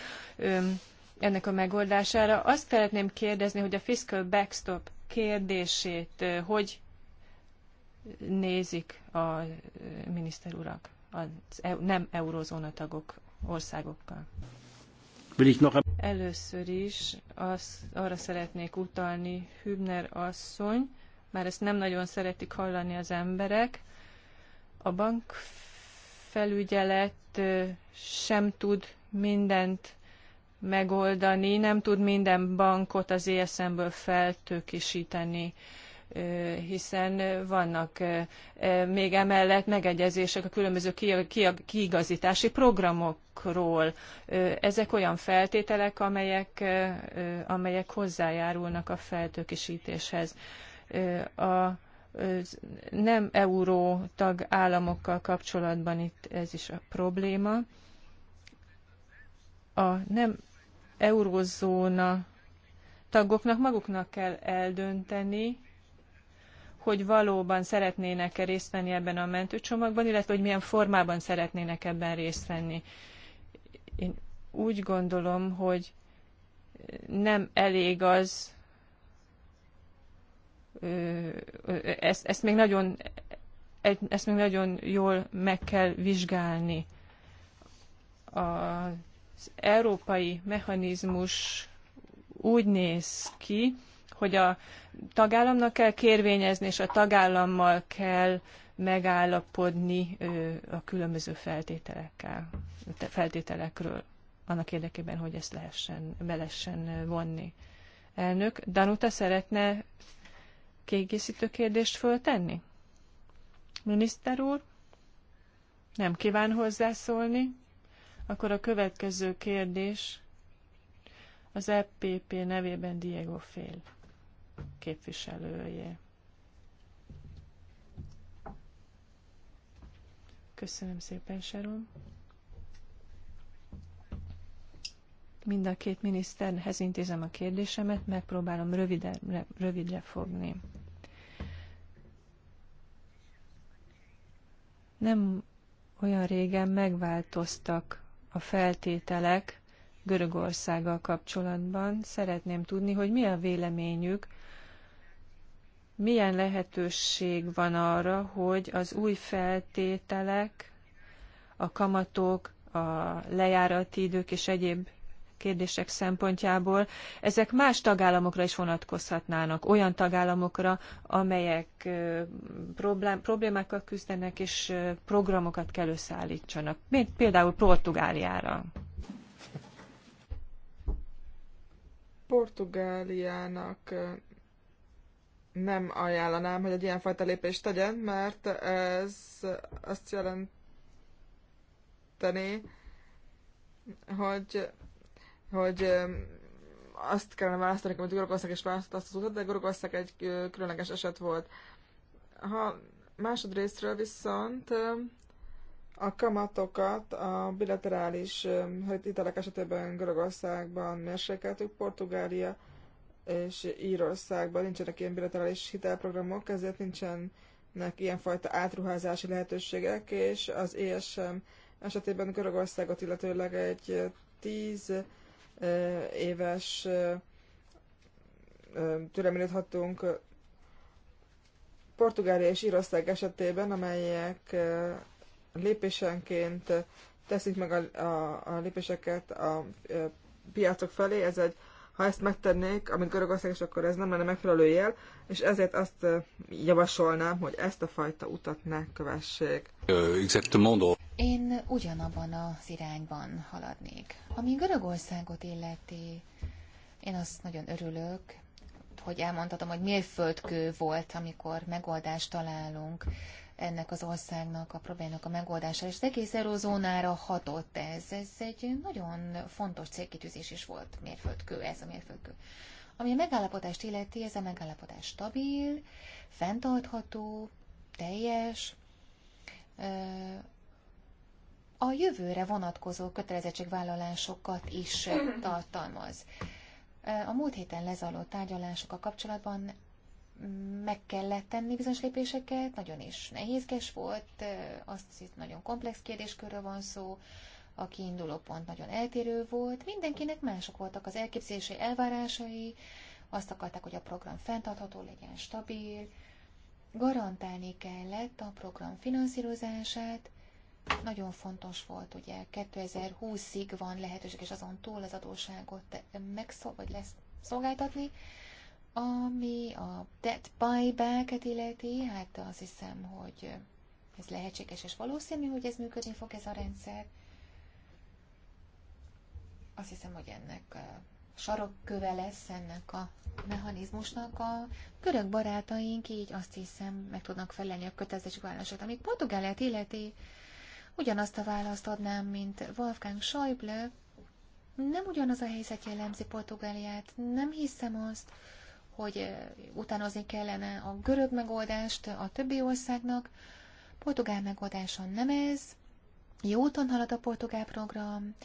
ennek a megoldására. Azt szeretném kérdezni, hogy a fiscal backstop kérdését hogy nézik a miniszterurak az e- nem eurózóna tagok országokkal? Először is az, arra szeretnék utalni Hübner asszony, már ezt nem nagyon szeretik hallani az emberek, a bank felügyelet sem tud mindent megoldani, nem tud minden bankot az ESM-ből feltökisíteni hiszen vannak még emellett megegyezések a különböző kiigazítási programokról. Ezek olyan feltételek, amelyek, amelyek hozzájárulnak a feltökisítéshez. A nem euró tag államokkal kapcsolatban itt ez is a probléma. A nem eurózóna tagoknak maguknak kell eldönteni, hogy valóban szeretnének-e részt venni ebben a mentőcsomagban, illetve hogy milyen formában szeretnének ebben részt venni. Én úgy gondolom, hogy nem elég az, ezt, ezt, még nagyon, ezt még nagyon jól meg kell vizsgálni. Az európai mechanizmus úgy néz ki, hogy a tagállamnak kell kérvényezni, és a tagállammal kell megállapodni a különböző feltételekkel, feltételekről, annak érdekében, hogy ezt lehessen, be lehessen vonni. Elnök, Danuta szeretne kiegészítő kérdést föltenni? Miniszter úr, nem kíván hozzászólni, akkor a következő kérdés az EPP nevében Diego Fél képviselője. Köszönöm szépen, Sharon. Mind a két miniszterhez intézem a kérdésemet, megpróbálom rövidre, rövidre fogni. Nem olyan régen megváltoztak a feltételek Görögországgal kapcsolatban. Szeretném tudni, hogy mi a véleményük, milyen lehetőség van arra, hogy az új feltételek, a kamatok, a lejárati idők és egyéb kérdések szempontjából, ezek más tagállamokra is vonatkozhatnának, olyan tagállamokra, amelyek problémákkal küzdenek és programokat kell összeállítsanak, például Portugáliára. Portugáliának nem ajánlanám, hogy egy ilyenfajta lépést tegyen, mert ez azt jelenteni, hogy hogy azt kellene választani, amit Görögország is választott azt az utat, de Görögország egy különleges eset volt. Ha másodrésztről viszont a kamatokat a bilaterális hitelek esetében Görögországban mérsékeltük, Portugália és Írországban nincsenek ilyen bilaterális hitelprogramok, ezért nincsenek ilyenfajta átruházási lehetőségek, és az ESM esetében Görögországot illetőleg egy 10 éves türelmét hattunk Portugália és Írország esetében, amelyek lépésenként teszik meg a, a, a lépéseket a piacok felé, ez egy ha ezt megtennék, amit Görögország is, akkor ez nem lenne megfelelő jel, és ezért azt javasolnám, hogy ezt a fajta utat ne kövessék. Exactement. Én ugyanabban az irányban haladnék. Ami Görögországot illeti, én azt nagyon örülök, hogy elmondhatom, hogy mérföldkő volt, amikor megoldást találunk ennek az országnak, a problémának a megoldására, és az egész eurozónára hatott ez. Ez egy nagyon fontos célkitűzés is volt, mérföldkő, ez a mérföldkő. Ami a megállapodást illeti, ez a megállapodás stabil, fenntartható, teljes, a jövőre vonatkozó kötelezettségvállalásokat is tartalmaz. A múlt héten lezajló a kapcsolatban meg kellett tenni bizonyos lépéseket, nagyon is nehézkes volt, azt hiszem, nagyon komplex kérdéskörről van szó, a kiinduló pont nagyon eltérő volt, mindenkinek mások voltak az elképzelési elvárásai, azt akarták, hogy a program fenntartható legyen, stabil, garantálni kellett a program finanszírozását, nagyon fontos volt, ugye 2020-ig van lehetőség, és azon túl az adóságot megszol, vagy lesz szolgáltatni, ami a debt buyback-et illeti, hát azt hiszem, hogy ez lehetséges, és valószínű, hogy ez működni fog ez a rendszer. Azt hiszem, hogy ennek sarokköve lesz ennek a mechanizmusnak. A görög barátaink így azt hiszem meg tudnak felelni a kötelezettségvállalásokat, amik Portugáliát illeti. Ugyanazt a választ adnám, mint Wolfgang Schäuble. Nem ugyanaz a helyzet jellemzi Portugáliát. Nem hiszem azt, hogy eh, utánozni kellene a görög megoldást a többi országnak. Portugál megoldása nem ez. Jó úton halad a portugál program,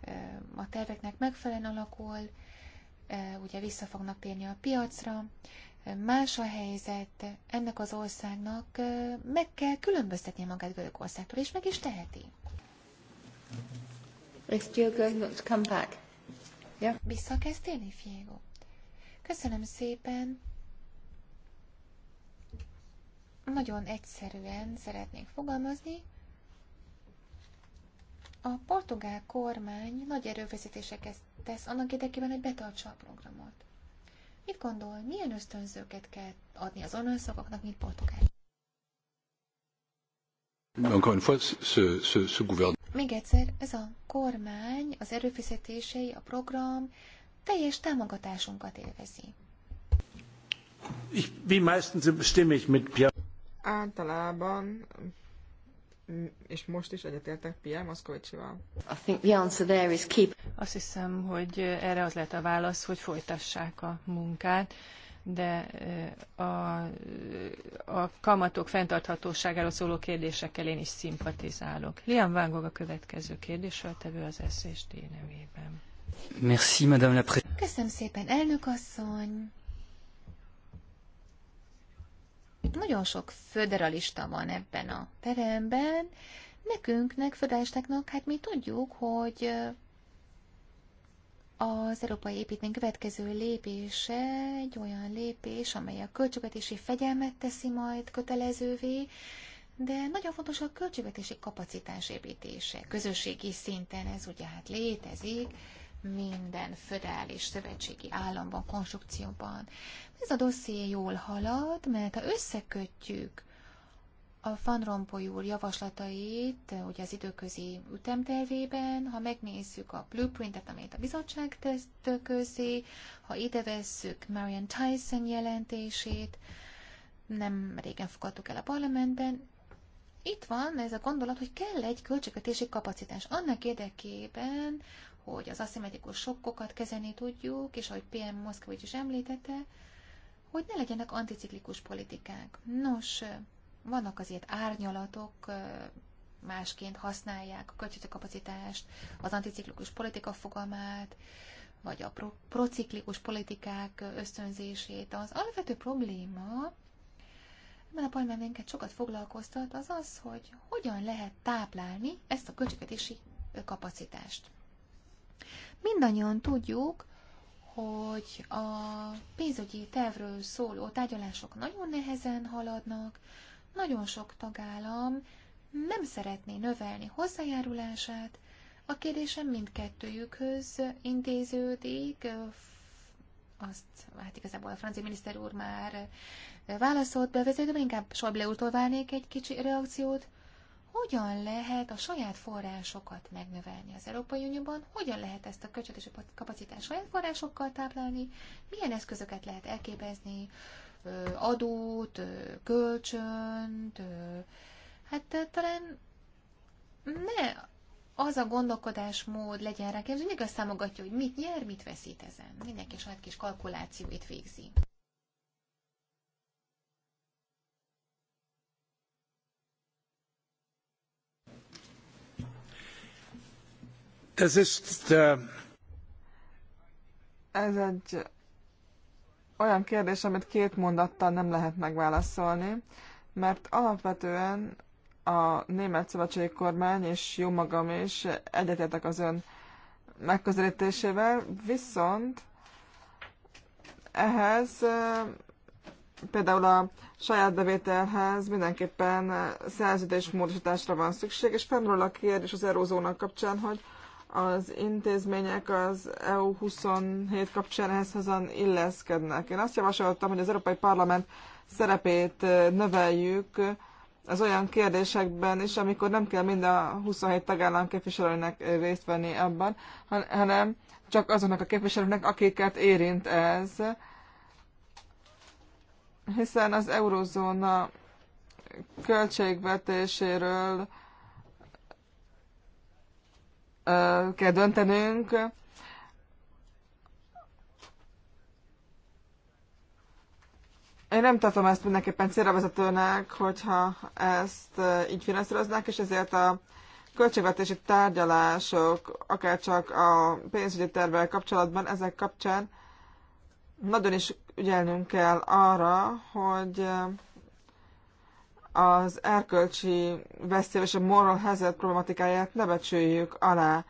eh, a terveknek megfelelően alakul, eh, ugye vissza fognak térni a piacra, más a helyzet ennek az országnak, meg kell különböztetnie magát Görögországtól, és meg is teheti. Is going not come back? Yeah. Visszakezdtél, Fiego? Köszönöm szépen. Nagyon egyszerűen szeretnék fogalmazni. A portugál kormány nagy erőfeszítéseket tesz annak érdekében, hogy betartsa a programot. Mit gondol, milyen ösztönzőket kell adni az online szavaknak, mint Portugál? Még egyszer, ez a kormány, az erőfeszítései, a program teljes támogatásunkat élvezi. mit Általában, és most is egyetértek Pierre Moszkovicsival. I think the answer there is keep azt hiszem, hogy erre az lehet a válasz, hogy folytassák a munkát, de a, a kamatok fenntarthatóságáról szóló kérdésekkel én is szimpatizálok. Liam Vángog a következő kérdésről tevő az SZSD nevében. Merci, Madame la Köszönöm szépen, elnök asszony! Nagyon sok föderalista van ebben a teremben. Nekünknek, föderalistáknak, hát mi tudjuk, hogy az Európai Építmény következő lépése egy olyan lépés, amely a költségvetési fegyelmet teszi majd kötelezővé, de nagyon fontos a költségvetési kapacitás építése. Közösségi szinten ez ugye hát létezik, minden föderális szövetségi államban, konstrukcióban. Ez a dosszié jól halad, mert ha összekötjük a Van Rompuy úr javaslatait, eh, ugye az időközi ütemtervében, ha megnézzük a blueprintet, amelyet a bizottság tett közé, ha ide vesszük Marian Tyson jelentését, nem régen fogadtuk el a parlamentben, itt van ez a gondolat, hogy kell egy költségvetési kapacitás annak érdekében, hogy az aszimmetrikus sokkokat kezelni tudjuk, és ahogy PM Moszkvics is említette, hogy ne legyenek anticiklikus politikák. Nos, eh, vannak azért árnyalatok, másként használják a költségkapacitást, az anticiklikus politika fogalmát, vagy a pro- prociklikus politikák ösztönzését. Az alapvető probléma, ebben a pajmán minket sokat foglalkoztat, az az, hogy hogyan lehet táplálni ezt a költségvetési kapacitást. Mindannyian tudjuk, hogy a pénzügyi tervről szóló tárgyalások nagyon nehezen haladnak, nagyon sok tagállam nem szeretné növelni hozzájárulását, a kérdésem mindkettőjükhöz intéződik, azt hát igazából a francia miniszter úr már válaszolt bevezetőben, inkább Schäuble úrtól várnék egy kicsi reakciót. Hogyan lehet a saját forrásokat megnövelni az Európai Unióban? Hogyan lehet ezt a költségvetési kapacitást saját forrásokkal táplálni? Milyen eszközöket lehet elképezni? adót, kölcsönt, hát talán ne az a gondolkodásmód legyen rá képző, mindig azt számogatja, hogy mit nyer, mit veszít ezen. Mindenki saját kis kalkulációit végzi. Ez Ez egy olyan kérdés, amit két mondattal nem lehet megválaszolni, mert alapvetően a német szövetségi kormány és jó magam is egyetértek az ön megközelítésével, viszont ehhez például a saját bevételhez mindenképpen szerződésmódosításra van szükség, és fennről a kérdés az eurózónak kapcsán, hogy az intézmények az EU27 kapcsán ehhez hozzan illeszkednek. Én azt javasoltam, hogy az Európai Parlament szerepét növeljük az olyan kérdésekben is, amikor nem kell mind a 27 tagállam képviselőnek részt venni abban, hanem csak azoknak a képviselőnek, akiket érint ez. Hiszen az eurozóna költségvetéséről kell döntenünk. Én nem tartom ezt mindenképpen célravezetőnek, hogyha ezt így finanszíroznák, és ezért a költségvetési tárgyalások, akár csak a pénzügyi tervvel kapcsolatban, ezek kapcsán nagyon is ügyelnünk kell arra, hogy az erkölcsi veszély és a moral hazard problematikáját ne becsüljük alá.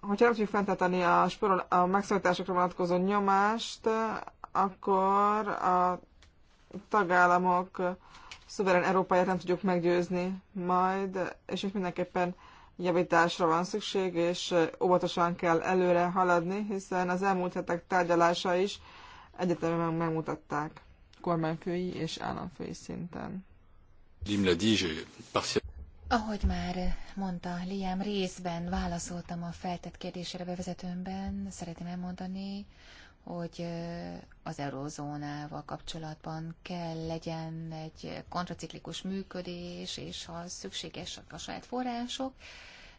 Hogyha nem tudjuk fenntartani a, sporol, a megszólításokra vonatkozó nyomást, akkor a tagállamok szuverén Európáját nem tudjuk meggyőzni majd, és itt mindenképpen javításra van szükség, és óvatosan kell előre haladni, hiszen az elmúlt hetek tárgyalása is egyetemben megmutatták kormányfői és államfői szinten. Ahogy már mondta Liam, részben válaszoltam a feltett kérdésre bevezetőmben, szeretném elmondani, hogy az eurozónával kapcsolatban kell legyen egy kontraciklikus működés, és ha szükségesek a saját források,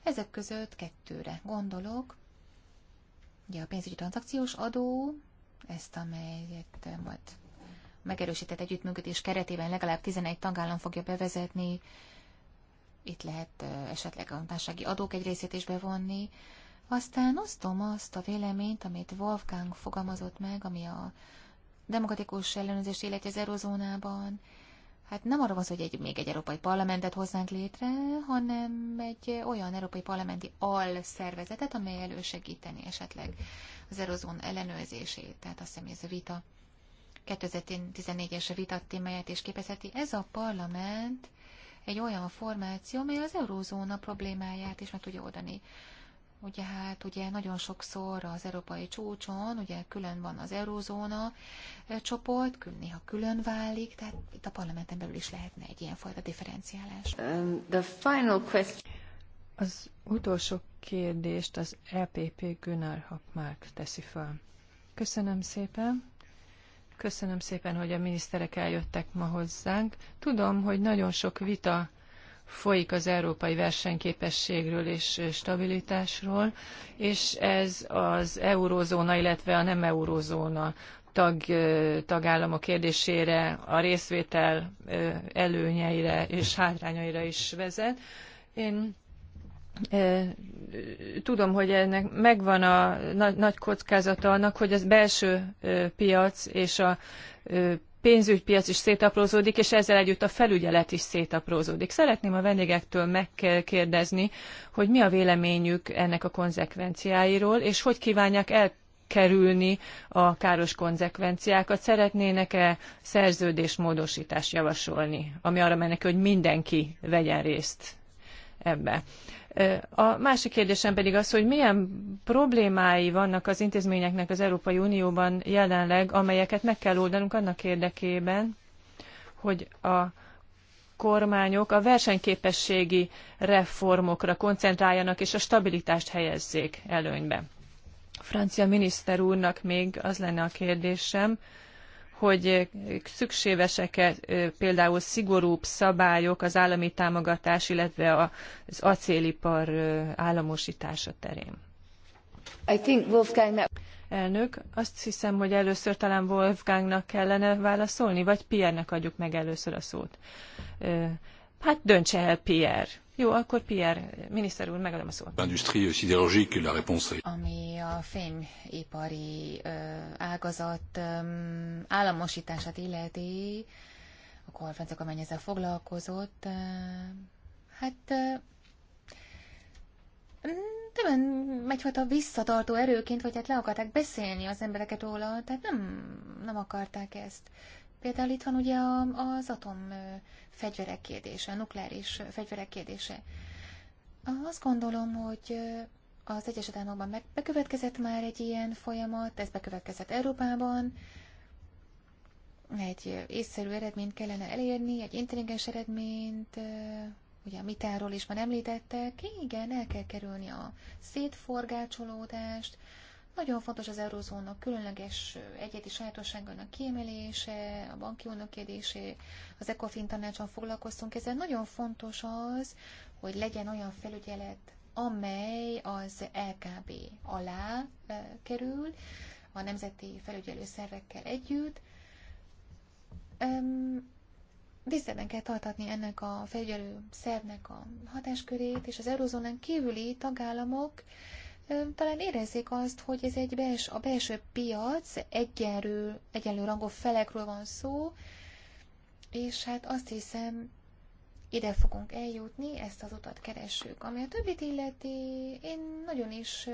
ezek között kettőre gondolok. Ugye a pénzügyi tranzakciós adó, ezt amelyet majd megerősített együttműködés keretében legalább 11 tagállam fogja bevezetni, itt lehet esetleg a társági adók egy részét is bevonni, aztán osztom azt a véleményt, amit Wolfgang fogalmazott meg, ami a demokratikus ellenőrzés élet az eurozónában. Hát nem arra van hogy egy, még egy európai parlamentet hozzánk létre, hanem egy olyan európai parlamenti alszervezetet, amely elősegíteni esetleg az erozón ellenőrzését, tehát azt hiszem, ez a vita 2014-es vita témáját is képezheti. Ez a parlament egy olyan formáció, amely az eurózóna problémáját is meg tudja oldani. Ugye hát ugye nagyon sokszor az európai csúcson, ugye külön van az eurózóna eh, csoport, kül, néha külön válik, tehát itt a parlamenten belül is lehetne egy ilyen fajta differenciálás. Um, the final question. Az utolsó kérdést az EPP Gunnar Hapmark teszi fel. Köszönöm szépen. Köszönöm szépen, hogy a miniszterek eljöttek ma hozzánk. Tudom, hogy nagyon sok vita folyik az európai versenyképességről és stabilitásról, és ez az eurózóna, illetve a nem eurózóna tag, tagállamok kérdésére, a részvétel előnyeire és hátrányaira is vezet. Én tudom, hogy ennek megvan a nagy, nagy kockázata annak, hogy az belső piac és a pénzügypiac is szétaprózódik, és ezzel együtt a felügyelet is szétaprózódik. Szeretném a vendégektől megkérdezni, hogy mi a véleményük ennek a konzekvenciáiról, és hogy kívánják elkerülni a káros konzekvenciákat. Szeretnének-e szerződésmódosítást javasolni, ami arra mennek, hogy mindenki vegyen részt ebbe. A másik kérdésem pedig az, hogy milyen problémái vannak az intézményeknek az Európai Unióban jelenleg, amelyeket meg kell oldanunk annak érdekében, hogy a kormányok a versenyképességi reformokra koncentráljanak és a stabilitást helyezzék előnybe. Francia miniszter úrnak még az lenne a kérdésem, hogy eh, szükségesek-e eh, például szigorúbb szabályok az állami támogatás, illetve az acélipar eh, államosítása terén. I think Wolfgang... Elnök, azt hiszem, hogy először talán Wolfgangnak kellene válaszolni, vagy Pierre-nek adjuk meg először a szót. Hát döntse el Pierre. Jó, akkor Pierre, miniszter úr, megadom a szót. Ami a fémipari ágazat államosítását illeti, a kormányzat, amennyi ezzel foglalkozott, hát tulajdonképpen a visszatartó erőként, vagy hát le akarták beszélni az embereket róla, tehát nem, nem akarták ezt. Például itt van ugye az atom fegyverek kérdése, a nukleáris fegyverek kérdése. Azt gondolom, hogy az Egyesült Államokban meg, bekövetkezett már egy ilyen folyamat, ez bekövetkezett Európában, egy észszerű eredményt kellene elérni, egy intelligens eredményt, ugye a mitáról is már említettek, igen, el kell kerülni a szétforgácsolódást, nagyon fontos az eurozónak különleges egyedi sajátosságának kiemelése, a banki kérdésé, az ECOFIN tanácson foglalkoztunk ezzel. Nagyon fontos az, hogy legyen olyan felügyelet, amely az LKB alá e, kerül, a nemzeti felügyelő szervekkel együtt. Visszaben kell tartatni ennek a felügyelő szervnek a hatáskörét, és az eurozónán kívüli tagállamok talán érezzék azt, hogy ez egy bels, a belső piac, egyenlő, egyenlő rangú felekről van szó, és hát azt hiszem, ide fogunk eljutni, ezt az utat keressük. Ami a többit illeti, én nagyon is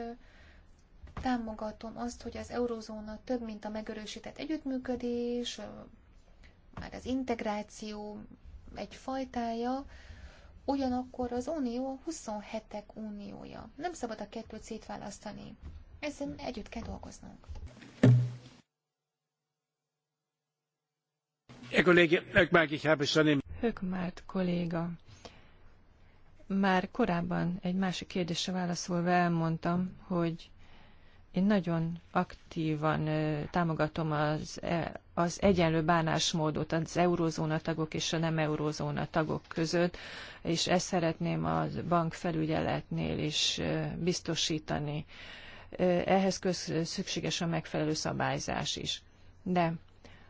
támogatom azt, hogy az eurozóna több, mint a megerősített együttműködés, már az integráció egy fajtája, Ugyanakkor az unió 27-ek uniója. Nem szabad a kettőt szétválasztani. Ezen együtt kell dolgoznunk. Hökmárt kolléga, már korábban egy másik kérdésre válaszolva elmondtam, hogy én nagyon aktívan támogatom az e- az egyenlő bánásmódot az eurózóna tagok és a nem eurózóna tagok között, és ezt szeretném a bankfelügyeletnél is biztosítani. Ehhez köz, szükséges a megfelelő szabályzás is. De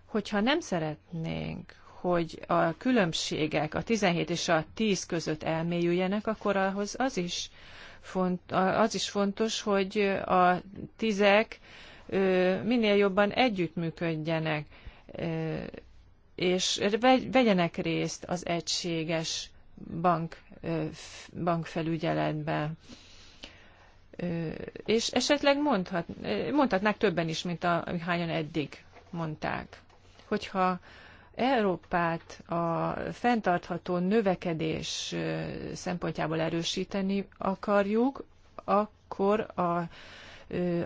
hogyha nem szeretnénk, hogy a különbségek a 17 és a 10 között elmélyüljenek, akkor ahhoz az is, font, az is fontos, hogy a tízek minél jobban együttműködjenek, és vegyenek részt az egységes bank, bankfelügyeletbe. És esetleg mondhat, mondhatnák többen is, mint a, hányan eddig mondták. Hogyha Európát a fenntartható növekedés szempontjából erősíteni akarjuk, akkor a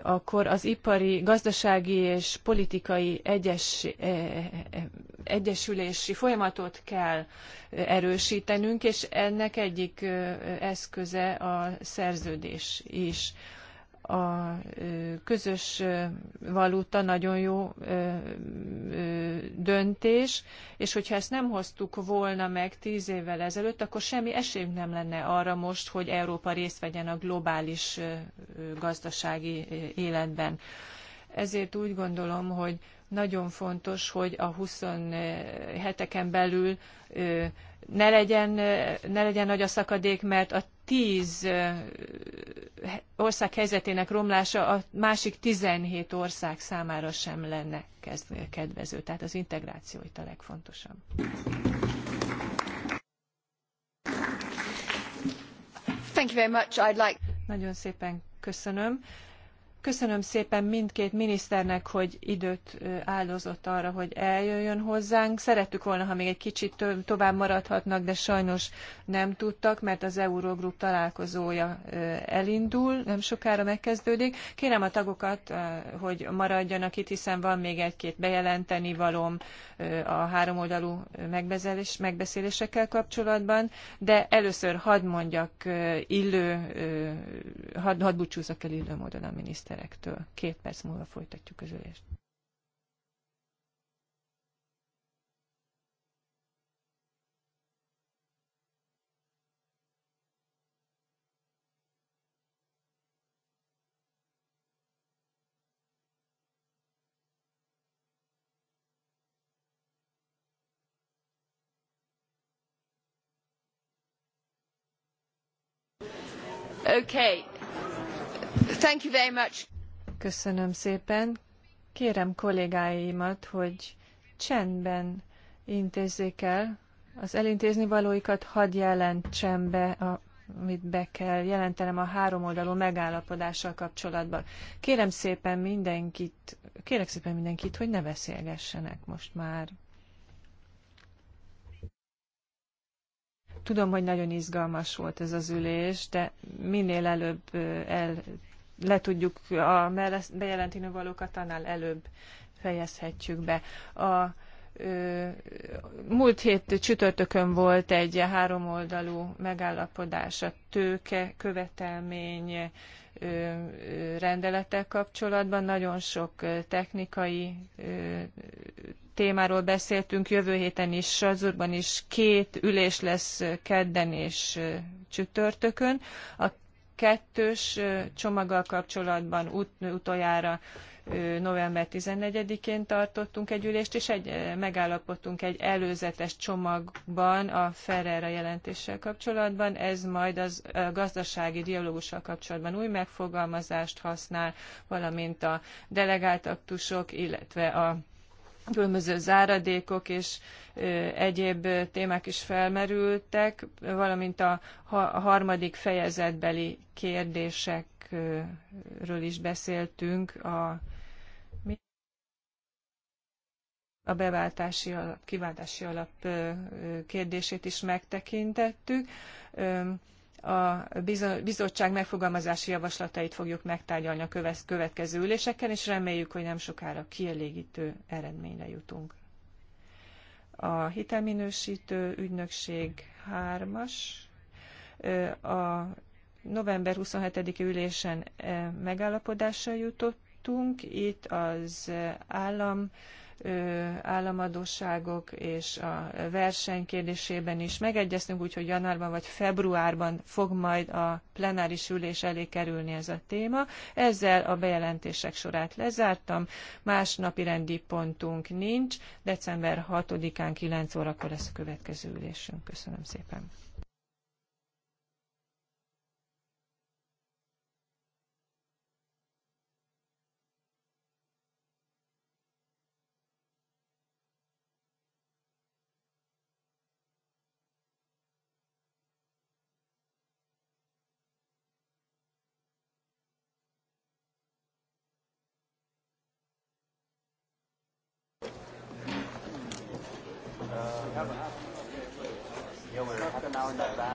akkor az ipari, gazdasági és politikai egyes, egyesülési folyamatot kell erősítenünk, és ennek egyik eszköze a szerződés is a közös valuta nagyon jó döntés, és hogyha ezt nem hoztuk volna meg tíz évvel ezelőtt, akkor semmi esélyünk nem lenne arra most, hogy Európa részt vegyen a globális gazdasági életben. Ezért úgy gondolom, hogy nagyon fontos, hogy a 27 belül ne legyen, ne legyen nagy a szakadék, mert a tíz ország helyzetének romlása a másik 17 ország számára sem lenne kedvező. Tehát az integráció itt a legfontosabb. Thank you very much. I'd like... Nagyon szépen köszönöm. Köszönöm szépen mindkét miniszternek, hogy időt áldozott arra, hogy eljöjjön hozzánk. Szerettük volna, ha még egy kicsit tovább maradhatnak, de sajnos nem tudtak, mert az Eurogroup találkozója elindul, nem sokára megkezdődik. Kérem a tagokat, hogy maradjanak itt, hiszen van még egy-két bejelenteni valom a háromoldalú megbeszélésekkel kapcsolatban, de először hadd mondjak illő, hadd, hadd búcsúzzak el illő módon a miniszter miniszterektől. Két perc múlva folytatjuk az ülést. Okay. Thank you very much. Köszönöm szépen. Kérem kollégáimat, hogy csendben intézzék el az elintézni valóikat, hadd jelentsem be amit be kell jelentenem a háromoldalú megállapodással kapcsolatban. Kérem szépen mindenkit, kérek szépen mindenkit, hogy ne beszélgessenek most már. Tudom, hogy nagyon izgalmas volt ez az ülés, de minél előbb el le tudjuk a bejelentő valókat, annál előbb fejezhetjük be. A, múlt hét csütörtökön volt egy háromoldalú megállapodás a tőke követelmény rendeletek kapcsolatban. Nagyon sok technikai témáról beszéltünk. Jövő héten is Sazurban is két ülés lesz kedden és csütörtökön. A kettős csomaggal kapcsolatban ut utoljára november 14-én tartottunk egy ülést, és egy, megállapodtunk egy előzetes csomagban a Ferrera jelentéssel kapcsolatban. Ez majd az gazdasági dialógussal kapcsolatban új megfogalmazást használ, valamint a delegáltaktusok illetve a különböző záradékok és egyéb témák is felmerültek, valamint a harmadik fejezetbeli kérdésekről is beszéltünk a a beváltási alap, kiváltási alap kérdését is megtekintettük a bizottság megfogalmazási javaslatait fogjuk megtárgyalni a következő üléseken, és reméljük, hogy nem sokára kielégítő eredményre jutunk. A hitelminősítő ügynökség 3-as, a november 27-i ülésen megállapodásra jutottunk, itt az állam államadóságok és a verseny kérdésében is megegyeztünk, úgyhogy januárban vagy februárban fog majd a plenáris ülés elé kerülni ez a téma. Ezzel a bejelentések sorát lezártam, más napi rendi pontunk nincs, december 6-án 9 órakor lesz a következő ülésünk. Köszönöm szépen!